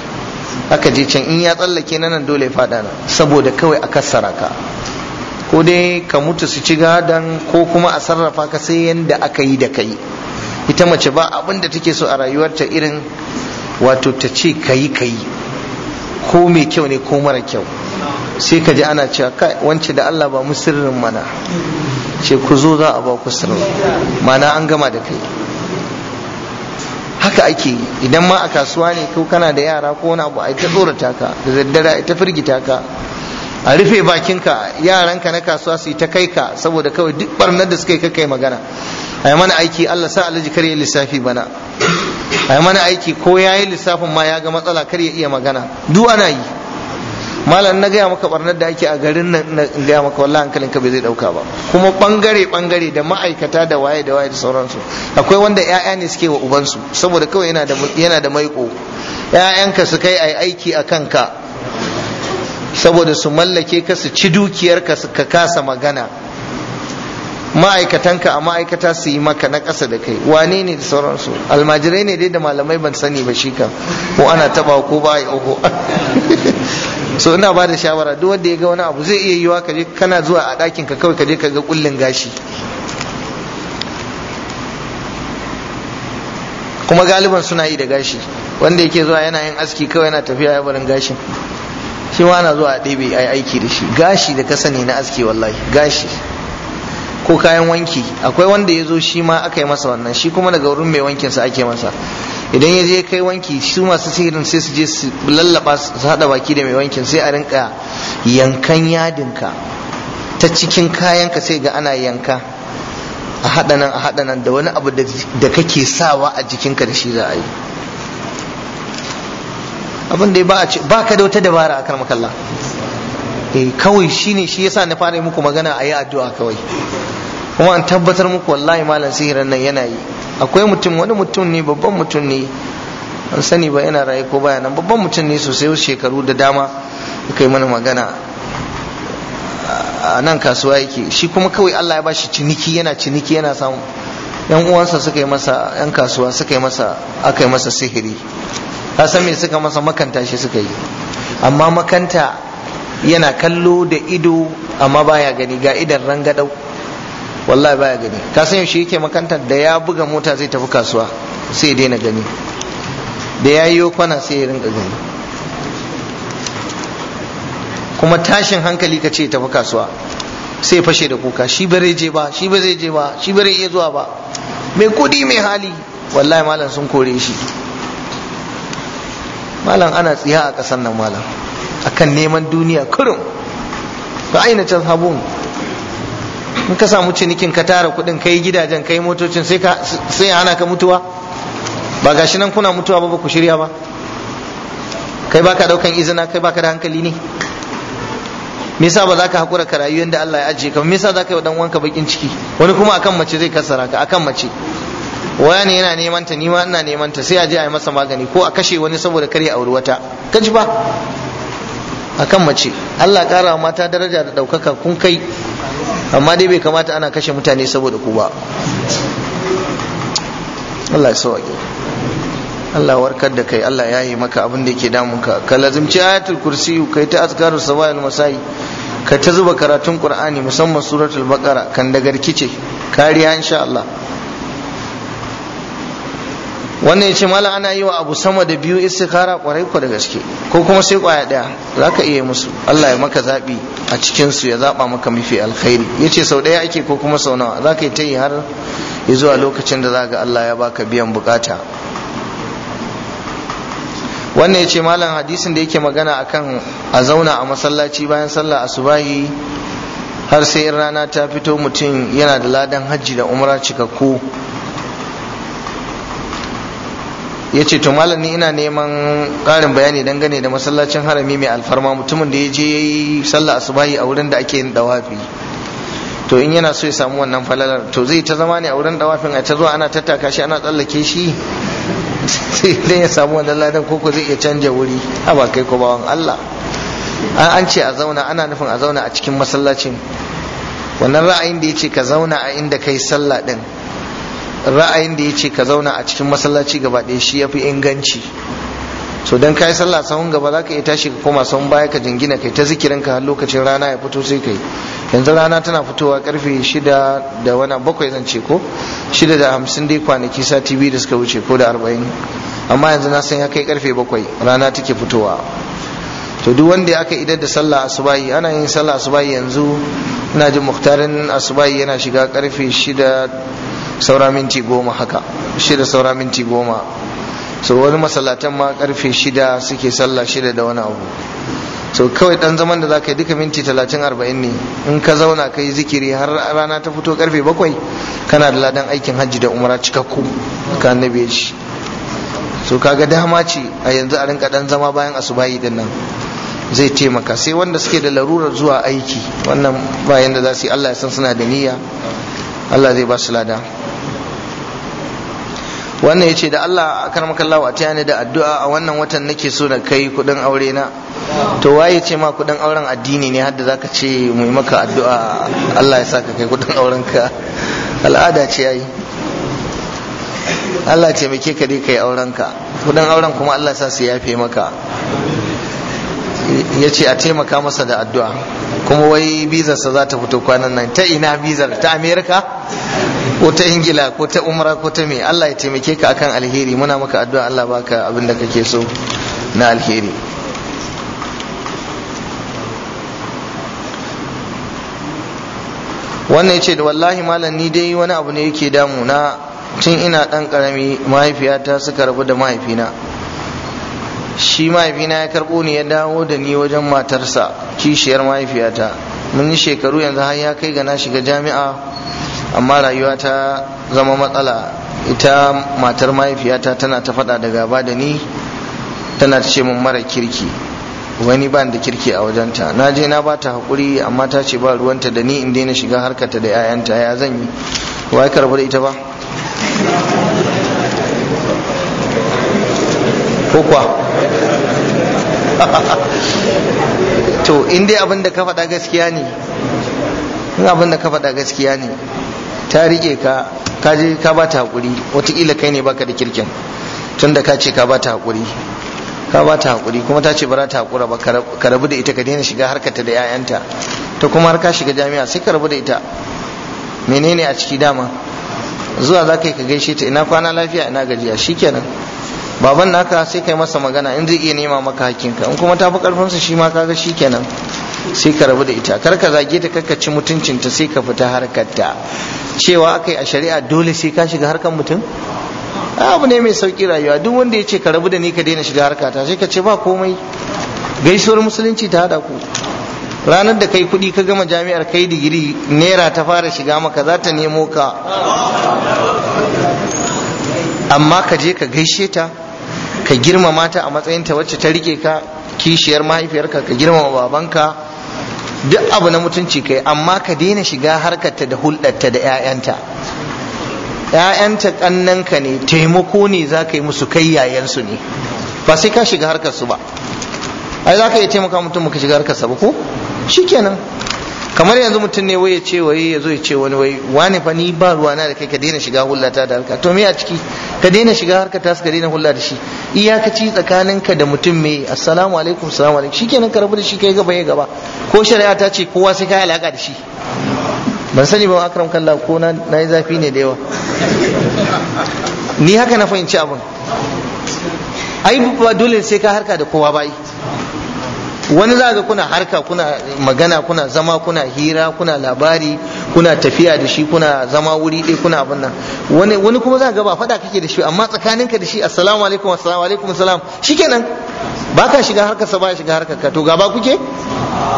aka je can in ya tsallake na nan dole ya fada na saboda kawai a kassara ka ko dai ka mutu su ci gadan ko kuma a sarrafa ka sai yanda aka yi da kai ita mace ba abin da take so a rayuwarta irin wato ta ce kayi kayi ko mai kyau ne ko mara kyau sai ka ji ana cewa kai da Allah ba mu sirrin mana ce ku zo za a ba ku sirrin mana an gama da kai haka ake idan ma a kasuwa ne ko kana da yara ko wani abu a ta tsorata ka da daddare a ta firgita ka a rufe bakinka yaranka na kasuwa su yi ta kai ka saboda kawai duk barnar da suka yi kai magana a mana aiki Allah sa alaji kare lissafi bana a mana aiki ko ya yi lissafin ma ya ga matsala kar ya iya magana duk ana yi malam na gaya maka barnar da ake a garin nan na gaya maka wallahi hankalin ka bai zai dauka ba kuma bangare bangare da ma'aikata da waye da waye da sauransu akwai wanda 'ya'ya ne suke wa ubansu saboda kawai yana da yana da maiko ƴaƴanka su kai ai aiki a kanka saboda su mallake ka su ci dukiyarka su ka kasa magana ma'aikatanka a ma'aikata su yi maka na ƙasa da kai wane ne da sauransu almajirai ne dai da malamai ban sani ba shi kan ko ana taba ko ba ya oho [LAUGHS] so ina ba da shawara duk wanda ya ga wani abu zai iya yiwa ka je kana zuwa a ɗakin ka kawai ka je ka ga kullin gashi kuma galiban suna yi da gashi wanda yake zuwa yana yin aski kawai yana tafiya ya barin gashin shi ma ana zuwa a ɗebe a aiki da shi gashi da ka sani na aski wallahi gashi ko kayan wanki akwai wanda ya zo shi ma aka yi masa wannan shi kuma daga wurin mai wankin sa ake masa idan ya je kai wanki su masu sihirin sai su je su lallaba su hada baki da mai wankin sai a rinka yankan yadinka ta cikin kayanka sai ga ana yanka a hada nan a hada nan da wani abu da kake sawa a jikinka da shi za a yi abin da ba a ba ka da wata dabara a karmakalla eh kawai shine shi yasa na fara muku magana a yi addu'a kawai kuma an tabbatar muku wallahi malam sihirin nan yana yi akwai mutum wani mutum ne babban mutum ne an sani ba yana raye ko baya nan babban mutum ne sosai wasu shekaru da dama kai mana magana a nan kasuwa yake shi kuma kawai Allah ya bashi ciniki yana ciniki yana samu yan uwansa suka yi masa yan kasuwa suka yi masa aka yi masa sihiri ka san me suka masa makanta shi suka yi amma makanta yana kallo da ido amma baya gani ga idan rangadau wallahi baya gani ka san yaushe yake makanta da ya buga mota zai tafi kasuwa sai ya daina gani da ya yi kwana sai ya rinka gani kuma tashin hankali ka ce tafi kasuwa sai fashe da kuka shi ba zai je ba shi ba zai je ba shi ba zai iya zuwa ba mai kudi mai hali wallahi malam sun kore shi malam ana tsiya a ƙasar nan malam akan neman duniya kurum ba aina can habun in ka samu cinikin ka tara kuɗin kai gidajen kai motocin sai ka sai ana ka mutuwa ba gashi nan kuna mutuwa ba ba ku shirya ba kai baka daukan izina kai baka da hankali ne me yasa ba za ka hakura ka rayu yanda Allah ya ajiye ka me yasa za ka yi dan wanka bakin ciki wani kuma akan mace zai kasara ka akan mace waya ne yana neman ta nima ina neman ta sai a je a yi masa magani ko a kashe wani saboda kar ya auri wata kaji ba akan mace Allah ƙara mata daraja da ɗaukaka kun kai amma dai bai kamata ana kashe mutane saboda ku ba Allah ya sauke Allah warkar da kai Allah ya yi maka abin da yake damun ka ka lazimci ayatul kursi kai ta azkarus sawail masai ka ta zuba karatun qur'ani musamman suratul baqara kan da garkice kariya insha Allah wannan ya ce malam ana yi wa abu sama da biyu kara kwarai kwa da gaske ko kuma sai kwaya daya za ka iya musu Allah ya maka zaɓi a cikinsu ya zaɓa maka mafi alkhairi yace sau ɗaya ake ko kuma sau nawa za ka yi ta har ya zuwa lokacin da za ga Allah ya baka biyan bukata wannan ya ce malam hadisin da yake magana a kan a zauna a masallaci bayan sallah asubahi har sai rana ta fito mutum yana da ladan hajji da umra cikakku ya ce to ni ina neman ƙarin bayani dangane da masallacin harami mai alfarma mutumin da ya je yi sallah asubahi a wurin da ake yin dawafi to in yana so ya samu wannan falalar to zai ta zama ne a wurin dawafin a ta zuwa ana tattaka shi ana tsallake shi [LAUGHS] sai idan ya samu wannan ladan koko zai iya canja wuri a ba kai ko bawan Allah an ce a zauna ana nufin a zauna a cikin masallacin wannan ra'ayin da ya ce ka zauna a inda kai sallah din ra'ayin da ya ce ka zauna a cikin masallaci gaba ɗaya shi ya fi inganci so don kai sallah sahun gaba za ka iya tashi ka koma sahun baya ka jingina kai ta zikirin ka har lokacin rana ya fito sai kai yanzu rana tana fitowa karfe shida da wani bakwai zan ce ko shida da hamsin dai kwanaki sati biyu da suka wuce ko da arba'in amma yanzu na san ya kai karfe bakwai rana take fitowa to duk wanda aka idar da sallah asubahi ana yin sallah asubahi yanzu ina jin muktarin asubahi yana shiga karfe shida saura minti goma haka shida saura minti goma so wani masallatan ma karfe shida suke sallah shida da wani abu so kawai dan zaman da za ka yi duka minti talatin arba'in ne in ka zauna ka yi zikiri har rana ta fito karfe bakwai kana da ladan aikin hajji da umara cikakku ka annabi shi so kaga dama ce a yanzu a rinka dan zama bayan asubahi din nan zai taimaka sai wanda suke da larurar zuwa aiki wannan bayan da za su yi Allah ya san suna da niyya Allah zai ba su lada wannan ya ce da Allah a karmakallawa a tayani da addu'a a wannan watan nake so na kai kudin aure na to waye ce ma kudin auren addini ne hadda zaka ce mu yi maka addu'a Allah ya sa ka kai kudin auren ka al'ada ce yayi Allah ce muke ka dai kai auren ka kudin auren kuma Allah ya sa su yafe maka ya ce a taimaka masa da addu'a kuma wai bizarsa za ta fito kwanan nan ta ina bizar ta amerika ko ta ingila ko ta umra ko ta me Allah ya taimake ka akan alheri muna maka addu'a Allah baka abin da kake so na alheri wannan ya ce da wallahi malam ni dai wani abu ne yake damu na tun ina dan karami mahaifiyata suka rabu da mahaifina shi mahaifina ya karbo ni ya dawo da ni wajen matarsa kishiyar mahaifiyata mun yi shekaru yanzu har ya kai ga na shiga jami'a amma rayuwa ta zama matsala ita matar mahaifiyata tana ta faɗa da gaba da ni tana ce min mara kirki wani ban da kirki a wajenta na je na ba ta haƙuri amma ta ce ba ruwanta da ni in daina shiga harkata da 'ya'yanta ya zan yi wa ya ita ba ko kuwa [LAUGHS] to in dai abin da ka faɗa gaskiya gaskiya ne ta rike ka ka je ka ba ta hakuri watakila kai ne baka da kirkin tunda ka ce ka ba ta hakuri ka ba ta hakuri kuma ta ce ba ta hakura ba ka rabu da ita ka daina shiga harkata da 'ya'yanta ta kuma har ka shiga jami'a sai ka rabu da ita menene a ciki dama zuwa za ka ka gaishe ta ina kwana lafiya ina gajiya shikenan baban naka sai kai masa magana in zai iya nema maka hakinka in kuma ta fi karfinsa shi ma kaga shikenan sai ka rabu da ita kar ka zage ta kar ka ci mutuncin ta sai ka fita harkar ta cewa akai a shari'a dole sai ka shiga harkar mutum abu ne mai sauki rayuwa duk wanda ya ce ka rabu da ni ka daina shiga ta, sai ka ce ba komai gaisuwar musulunci ta hada ku ranar da kai kuɗi ka gama jami'ar kai digiri naira ta fara shiga maka za ta nemo ka amma ka je ka gaishe ta ka girmama ta a matsayinta wacce ta rike ka kishiyar mahaifiyarka ka girmama babanka duk abu na mutunci kai amma ka daina shiga harkarta da hulɗarta da 'ya'yanta ‘ya'yanta ƙannanka ne taimako ne za ka yi musu kai yayansu ne ba sai ka shiga harkarsu ba ai za ka iya taimaka mutum ka shiga harkarsa ba ko shikenan kamar yanzu mutum ne wai ya ce wai ya zo ya ce wani wai wani fa ni ba ruwana da kai ka daina shiga hullata da harka to me a ciki ka daina shiga harka ta ka daina hulla da shi iyakaci tsakaninka da mutum me assalamu alaikum assalamu alaikum shikenan ka rabu da shi kai gaba ya gaba ko shari'a ta ce kowa sai yi alaka da shi ban sani ba akram kallah ko na yi zafi ne da yawa ni haka na fahimci abun ai ba dole sai ka harka da kowa bai wani za ga kuna harka kuna magana kuna zama kuna hira kuna labari kuna tafiya da shi kuna zama wuri ɗaya kuna abin nan wani wani kuma za ga ba faɗa kake da shi amma tsakaninka da shi assalamu alaikum assalamu alaikum salam shikenan ba ka shiga harkarsa ba shiga harkarka to gaba kuke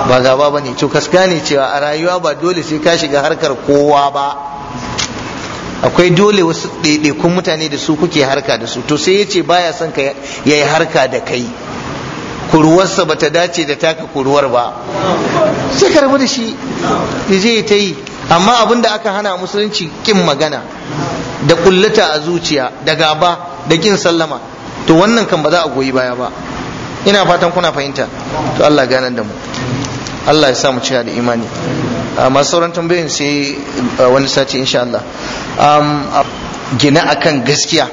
ba gaba bane to kaska ne cewa a rayuwa ba dole sai ka shiga harkar kowa ba akwai dole wasu ɗaiɗaikun mutane da su kuke harka da su to sai ya ce baya son ka yayi harka da kai kuruwarsa ta dace da taka kuruwar ba sai ka da shi zai je ta yi amma abin da aka hana musulunci kin magana da kullata a zuciya da gaba da kin sallama to wannan kan ba za a goyi baya ba ina fatan kuna fahimta to Allah gane da mu Allah ya sa mu ciya da imani ah, masu sauran tambayoyin sai ah, wani sati insha Allah gina akan gaskiya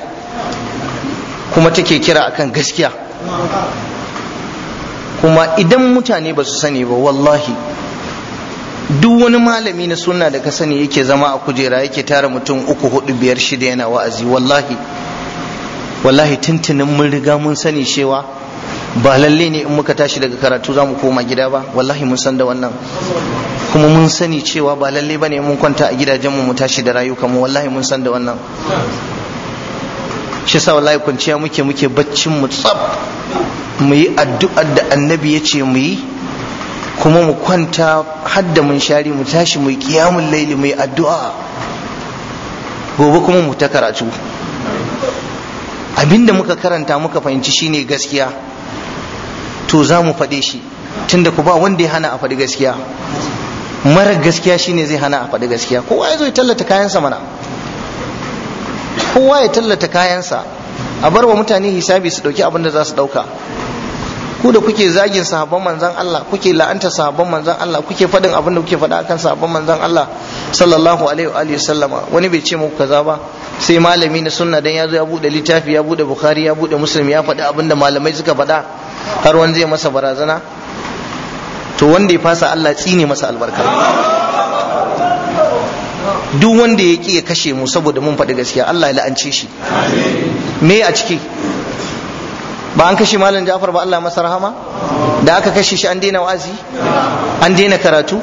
kuma take kira akan gaskiya kuma idan mutane ba su sani ba wallahi duk wani malami na sunna da ka sani yake zama a kujera yake tara mutum uku hudu biyar shida yana wa'azi wallahi wallahi tuntunin mun riga mun sani cewa ba lalle ne in muka tashi daga karatu za mu koma gida ba wallahi mun san da wannan kuma mun sani cewa ba lalle ba ne mun kwanta a gidajenmu mu tashi da rayukanmu wallahi mun san da wannan shi sa wallahi kwanciya muke muke baccin mu tsab mu yi addu'ar da annabi ya ce mu yi kuma mu kwanta hadda mun shari mu tashi mu yi kiyamun laili mu yi addu'a gobe kuma mu ta karatu abinda muka karanta muka fahimci shine gaskiya to za mu faɗe shi tunda ku ba wanda ya hana a faɗi gaskiya mara gaskiya shine zai hana a faɗi gaskiya kowa ya zo ya tallata kayansa mana kowa ya tallata kayansa a bar wa mutane hisabi su ɗauki abin da za su dauka ku da kuke zagin sahabban manzan Allah kuke la'anta sahabban manzan Allah kuke fadin abin da kuke faɗa akan sahabban manzan Allah sallallahu alaihi wa sallama wani bai ce muku kaza ba sai malami na sunna dan ya zo ya bude littafi ya bude bukhari ya bude muslim ya faɗi abin da malamai suka faɗa har wani zai masa barazana to wanda ya fasa Allah tsine masa albarka duk wanda ya ki ya kashe mu saboda mun faɗi gaskiya Allah ya la'ance shi me a ciki ba an kashe malam Ja'far ba Allah masa rahama da aka kashe shi an daina wa'azi an daina karatu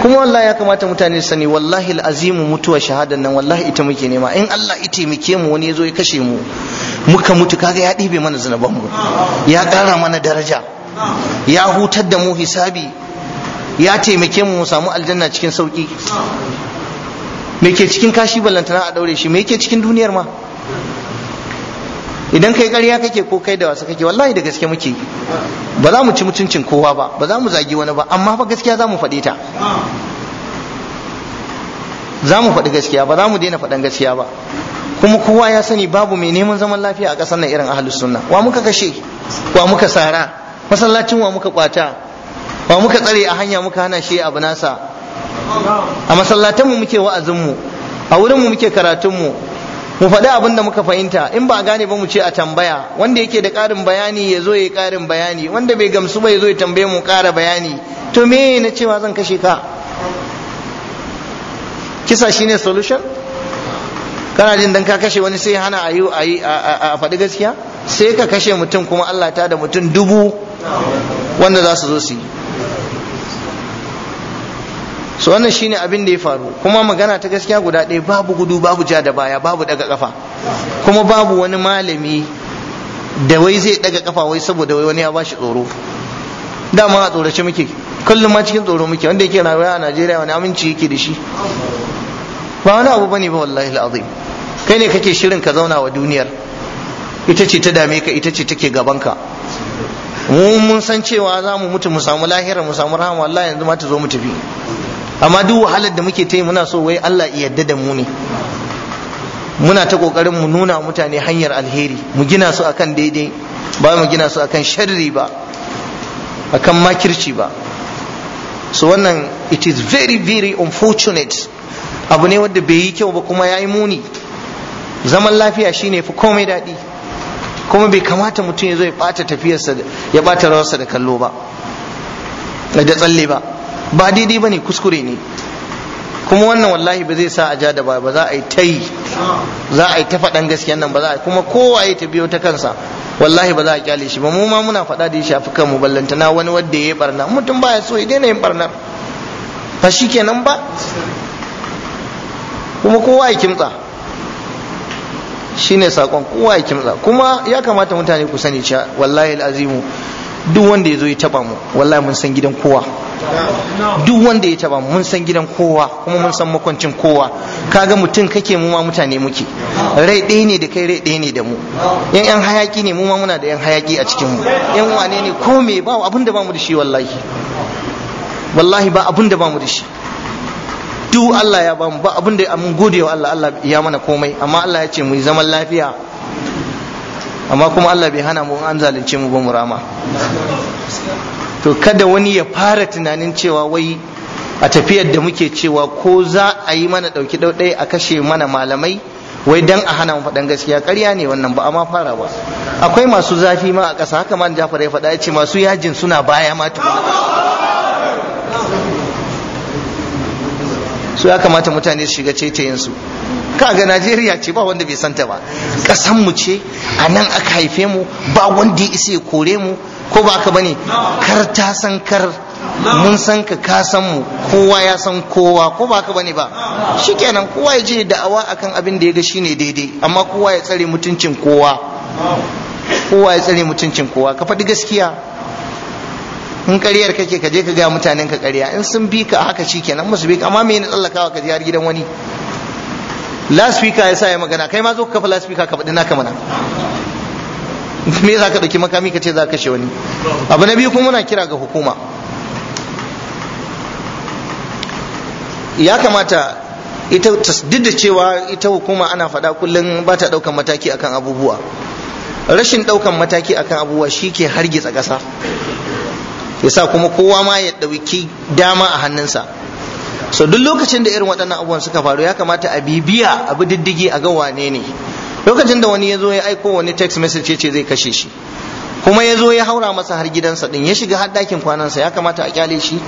kuma wallahi ya kamata mutane su sani wallahi al'azimu mutuwa shahadan nan wallahi ita muke nema in Allah ya taimake mu wani zo ya kashe mu muka mutu kaga ya ɗibe mana zunuban mu ya ƙara mana daraja ya hutar da mu hisabi ya taimake mu mu samu aljanna cikin sauki me ke cikin kashi ballantana a daure shi me yake cikin duniyar ma idan kai ƙarya kake ko kai da wasa kake wallahi da gaske muke ba za mu ci mutuncin kowa ba ba za mu zagi wani ba amma fa gaskiya za mu faɗe ta za mu faɗi gaskiya ba za mu daina faɗan gaskiya ba kuma kowa ya sani babu mai neman zaman lafiya a ƙasar nan irin ahalus sunna wa muka kashe wa muka sara masallacin wa muka kwata wa muka tsare a hanya muka hana shi abu nasa a masallatan mu muke wa'azin mu, a wurin mu muke karatun mu mu faɗi abin da muka fahimta in ba gane ba mu ce a tambaya wanda yake da ƙarin bayani ya zo ya yi ƙarin bayani wanda bai gamsu ba ya zo ya tambaye mu ƙara bayani to me na cewa zan kashe ka kisa shine solution kana jin dan ka kashe wani sai hana ayu ayi a faɗi gaskiya sai ka kashe mutum kuma Allah ta da mutum dubu wanda za su zo su yi so wannan shine abin da ya faru kuma magana ta gaskiya guda ɗaya babu gudu babu ja da baya babu daga kafa kuma babu wani malami da wai zai daga kafa wai saboda wai wani ya bashi tsoro dama a tsorace muke kullum ma cikin tsoro muke wanda yake rayuwa a Najeriya wani aminci yake da shi ba wani abu bane ba wallahi alazim kai ne kake shirin ka zauna wa duniyar ita ce ta dame ka ita ce take gaban ka mu mun san cewa za mu mutu mu samu lahira mu samu rahama wallahi yanzu ma ta zo mu tafi amma duk wahalar da muke tayi muna so wai Allah ya yarda da mu ne muna ta kokarin mu nuna mutane hanyar alheri mu gina su akan daidai ba mu gina su akan sharri ba akan makirci ba so wannan it is very very unfortunate abu ne wanda bai yi kyau ba kuma ya yi muni zaman lafiya shine fi komai daɗi kuma bai kamata mutum ya zo ya ɓata tafiyarsa ya ɓata rawarsa da kallo ba da tsalle ba ba daidai ba ne kuskure ne kuma wannan wallahi ba zai sa a ja da ba za a yi ta yi za a yi ta faɗan gaskiyan nan ba za a kuma kowa ya ta biyo ta kansa wallahi ba za a kyale shi ba mu ma muna faɗa da ya shafi kanmu ballantana wani wanda ya yi barna mutum baya so ya daina yin barnar ba shi kenan ba kuma kowa ya kimtsa shine sakon kowa ya kimtsa kuma ya kamata mutane ku sani cewa wallahi al'azimu duk wanda ya zo ya taba mu wallahi mun san gidan kowa duk wanda ya taba mun san gidan kowa kuma mun san makwancin kowa kaga mutum kake mu ma mutane muke rai ɗaya ne da kai rai ɗaya ne da mu yan yan hayaki ne mu ma muna da yan hayaki a cikin mu yan wane ne ko me ba abin da bamu da shi wallahi wallahi ba abin da bamu da shi duk Allah ya bamu ba abin da mun gode wa Allah Allah ya mana komai amma Allah ya ce mu yi zaman lafiya amma kuma Allah bai hana mu an zalunce mu ba mu rama to kada wani ya fara tunanin cewa wai a tafiyar da muke cewa ko za a yi mana ɗauki ɗauɗai a kashe mana malamai wai dan a hana mu faɗan gaskiya ƙarya ne wannan ba a fara ba akwai masu zafi ma a ƙasa haka man jafar ya faɗa ya ce masu yajin suna baya ma tukuna so ya kamata mutane su shiga cetayen su kaga Najeriya ce ba wanda bai santa ba kasan mu ce a nan aka haife mu ba wanda ya isa ya kore mu ko ba ka bane kar ta san kar mun san ka ka san mu kowa ya san kowa ko ba ka bane ba shikenan kowa ya je da'awa akan abin da ya ga shine daidai amma kowa ya tsare mutuncin kowa kowa ya tsare mutuncin kowa ka faɗi gaskiya in ƙaryar kake ka je ka ga mutanen ka ƙarya in sun bi ka haka shikenan musu bi ka amma me ne tsallakawa ka je har gidan wani laspika ya sa ya magana kai ma zo ka kafa laspika ka faɗi naka mana me za ka ɗauki makami ka ce za ka kashe wani abu na biyu kuma muna kira ga hukuma ya kamata ita duk da cewa ita hukuma ana faɗa kullum ba ta ɗaukan mataki akan abubuwa rashin ɗaukan mataki akan abubuwa shi ke hargitsa ƙasa yasa kuma kowa ma ya ɗauki dama a hannunsa so duk lokacin da irin waɗannan abubuwan suka faru ya kamata a bibiya abu diddigi a ga wane ne lokacin da wani ya zo ya aiko wani text message ce zai kashe shi kuma ya zo ya haura masa har gidansa din ya shiga har ɗakin kwanansa ya kamata a kyale shi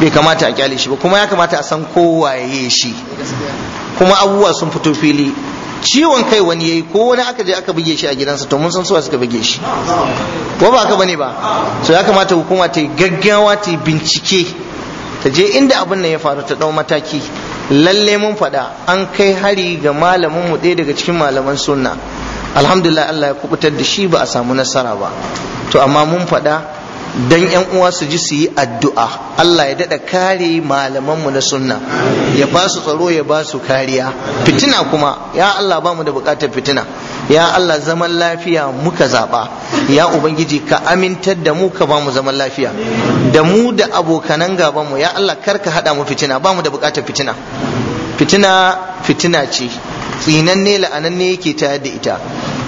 bai kamata a kyale shi ba kuma ya kamata a san kowaye shi kuma abubuwa sun fito fili ciwon kai wani yayi ko wani aka je aka buge shi a gidansa to mun san suwa suka buge shi ko ba haka bane ba so ya kamata hukuma ta yi gaggawa ta yi bincike ta je inda abin nan ya faru ta ɗau mataki lalle mun faɗa an kai hari ga malamin mu ɗaya daga cikin malaman sunna alhamdulillah Allah ya kubutar da shi ba a samu nasara ba to amma mun faɗa dan yan uwa su ji su yi addu'a Allah ya daɗa kare malaman mu na sunna ya ba su tsaro ya ba su kariya fitina kuma ya Allah ba mu da buƙatar fitina ya Allah zaman lafiya muka zaɓa ya Ubangiji ka amintar da mu ka ba mu zaman lafiya da mu da abokanan mu ya Allah kar ka haɗa mu fitina ba mu da buƙatar fitina fitina fitina ce tsinanne la'ananne yake tayar da ita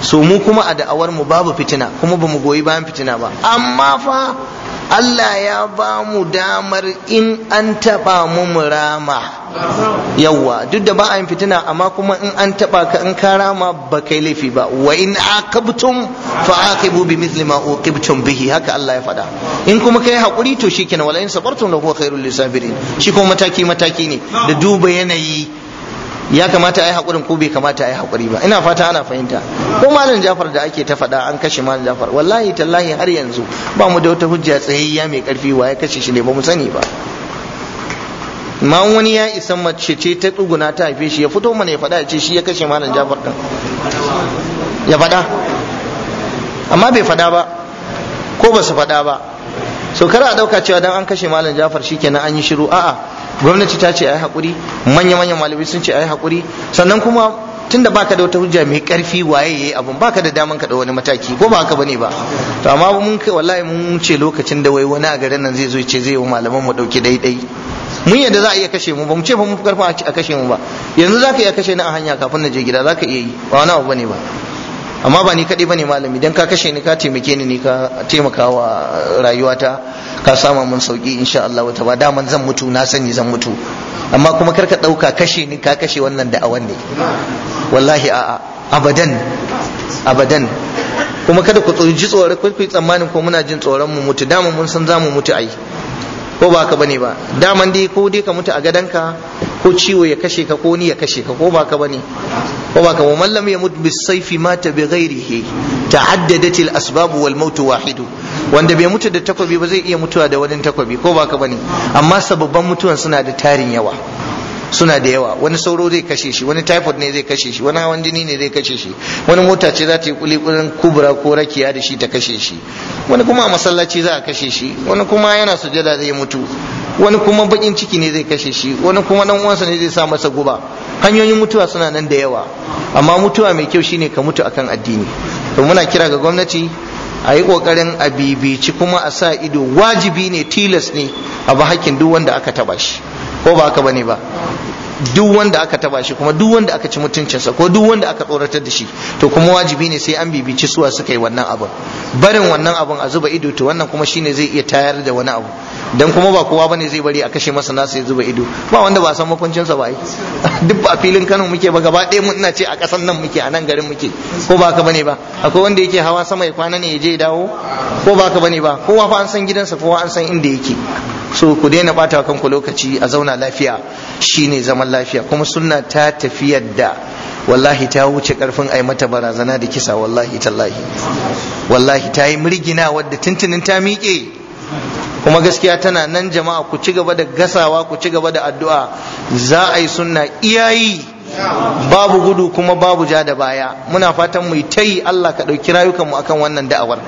so mu kuma a da'awar mu babu fitina kuma bamu goyi bayan fitina ba amma fa Allah ya ba mu damar in an taba mu murama yawa duk da ba a yin fitina amma kuma in an taɓa ka in ka rama ba kai laifi ba wa in aqabtum fa aqibu bi mithli ma uqibtum bihi haka Allah ya faɗa in kuma kai hakuri to shikenan wala in sabartum huwa khairul lisabirin shi kuma mataki mataki ne da duba yanayi ya kamata a yi haƙurin ko bai kamata a yi haƙuri ba ina fata ana fahimta ko malam jafar da ake ta faɗa an kashe malam jafar wallahi tallahi har yanzu ba mu da wata hujja tsayayya mai ƙarfi wa ya kashe shi ne ba mu sani ba ma wani ya isa mace ce ta tsuguna ta haife shi ya fito mana ya faɗa ce shi ya kashe malam jafar din ya faɗa amma bai faɗa ba ko ba su faɗa ba so kar a ɗauka cewa dan an kashe malam jafar shikenan an yi shiru a'a gwamnati ta ce a yi haƙuri manya-manyan malamai sun ce a yi haƙuri sannan kuma tunda baka da wata hujja mai karfi waye yayi abun baka da daman ka da wani mataki ko ba haka bane ba to amma mun kai wallahi mun ce lokacin da wai wani a garin nan zai zo ce zai yi malaman mu dauke daidai mun yadda za a iya kashe mu ba mu ce fa mun karfin a kashe mu ba yanzu zaka iya kashe ni a hanya kafin na je gida zaka iya yi ba wani abu bane ba amma ba ni kadai bane malami Idan ka kashe ni ka taimake ni ni ka taimaka wa rayuwata ka sama mun sauki insha Allah wata ba daman zan mutu na sani zan mutu amma kuma kar ka ɗauka kashe ni ka kashe wannan awan ne wallahi a'a abadan abadan kuma kada ku ji tsoron ku yi tsammanin ko muna jin tsoron mu mutu da mun san za mu mutu ai ko ba ka bane ba daman dai ko dai ka mutu a ka ko ciwo ya kashe ka ko ni ya kashe ka ko ba ka bane ko ba ka mallam ya mutu bis sayfi mata bi ghairihi ta'addadat al asbab wal maut wahid wanda bai mutu da takobi ba zai iya mutuwa da wani takobi ko ba bane amma sababban mutuwan suna da tarin yawa suna da yawa wani sauro zai kashe shi wani typhoid ne zai kashe shi wani hawan jini ne zai kashe shi wani mota ce za ta yi kulikulin kubra ko rakiya da shi ta kashe shi wani kuma a masallaci za a kashe shi wani kuma yana sujada zai mutu wani kuma bakin ciki ne zai kashe shi wani kuma dan uwansa ne zai sa masa guba hanyoyin mutuwa suna nan da yawa amma mutuwa mai kyau shine ka mutu akan addini to muna kira ga gwamnati a yi kokarin a bibici kuma a sa ido wajibi ne tilas ne a ba hakkin duk wanda aka taba shi ko ba haka bane ba duk wanda aka taba shi kuma duk wanda aka ci mutuncinsa ko duk wanda aka tsoratar da shi to kuma wajibi ne sai an bibici suwa suka yi wannan abun barin wannan abun a zuba ido to wannan kuma shine zai iya tayar da wani abu dan kuma ba kowa bane zai bari a kashe masa nasu ya zuba ido ba wanda ba san sa ba [LAUGHS] duk a filin Kano muke ba gaba ɗaya mun ina ce a ƙasar nan muke a nan garin muke ko ba ka bane ba akwai wanda yake hawa sama ya kwana ne ya je ya dawo ko ba ka bane ba kowa fa an san gidansa kowa an san inda yake so ku daina bata kanku lokaci a zauna lafiya shine zaman lafiya kuma sunna ta tafiyar da wallahi ta wuce karfin ai mata barazana da kisa wallahi tallahi wallahi ta yi mirgina wadda tuntunin ta miƙe kuma gaskiya tana nan jama'a ku ci gaba da gasawa ku ci gaba da addu'a za a yi sunna iyayi babu gudu kuma babu ja da baya muna fatan mu ta yi Allah ka ɗauki rayukanmu akan wannan da'awar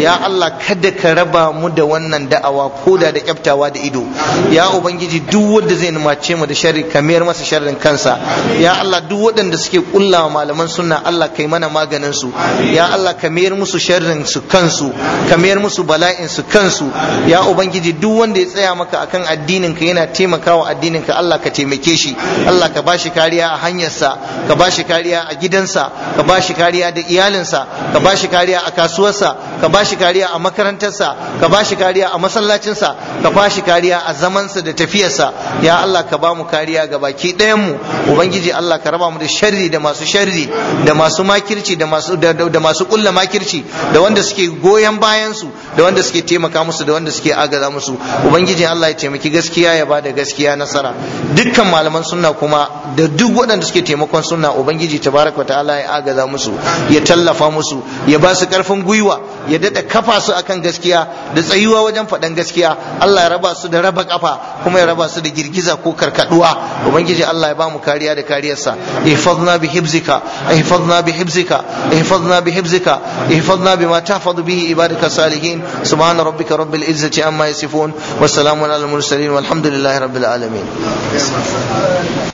ya Allah kada ka raba mu da wannan da'awa ko da da kyaftawa da ido ya ubangiji duk wanda zai numace mu da sharri ka masa sharrin kansa ya Allah duk waɗanda suke kullawa malaman sunna Allah kai mana maganin su ya Allah ka musu sharrin su kansu ka mayar musu bala'in su kansu ya ubangiji duk wanda ya tsaya maka akan addinin ka yana taimakawa addinin ka Allah ka taimake shi Allah ka bashi kariya a hanyarsa ka ba shi kariya a gidansa ka ba shi kariya da iyalinsa ka ba shi kariya a kasuwarsa ka ba shi kariya a makarantarsa ka ba shi kariya a masallacinsa ka ba shi kariya a zamansa da tafiyarsa ya Allah ka ba mu kariya ga baki ɗayan mu ubangiji Allah ka raba mu da sharri da masu sharri da masu makirci da masu da masu kulla makirci da wanda suke goyon bayan da wanda suke taimaka musu da wanda suke agaza musu ubangiji Allah ya taimaki gaskiya ya bada gaskiya nasara dukkan malaman sunna kuma da duk waɗanda waɗanda suke taimakon sunna ubangiji tabaraka ta'ala ya agaza musu ya tallafa musu ya ba su karfin gwiwa ya dada kafa su akan gaskiya da tsayuwa wajen faɗan gaskiya Allah ya raba su da raba kafa kuma ya raba su da girgiza ko karkaduwa ubangiji Allah ya ba mu kariya da kariyarsa ihfazna bi hibzika ihfazna bi hibzika ihfazna bi hibzika ihfazna bima tahfaz bihi ibadaka salihin subhana rabbika rabbil izzati amma yasifun wa salamun alal mursalin walhamdulillahi rabbil alamin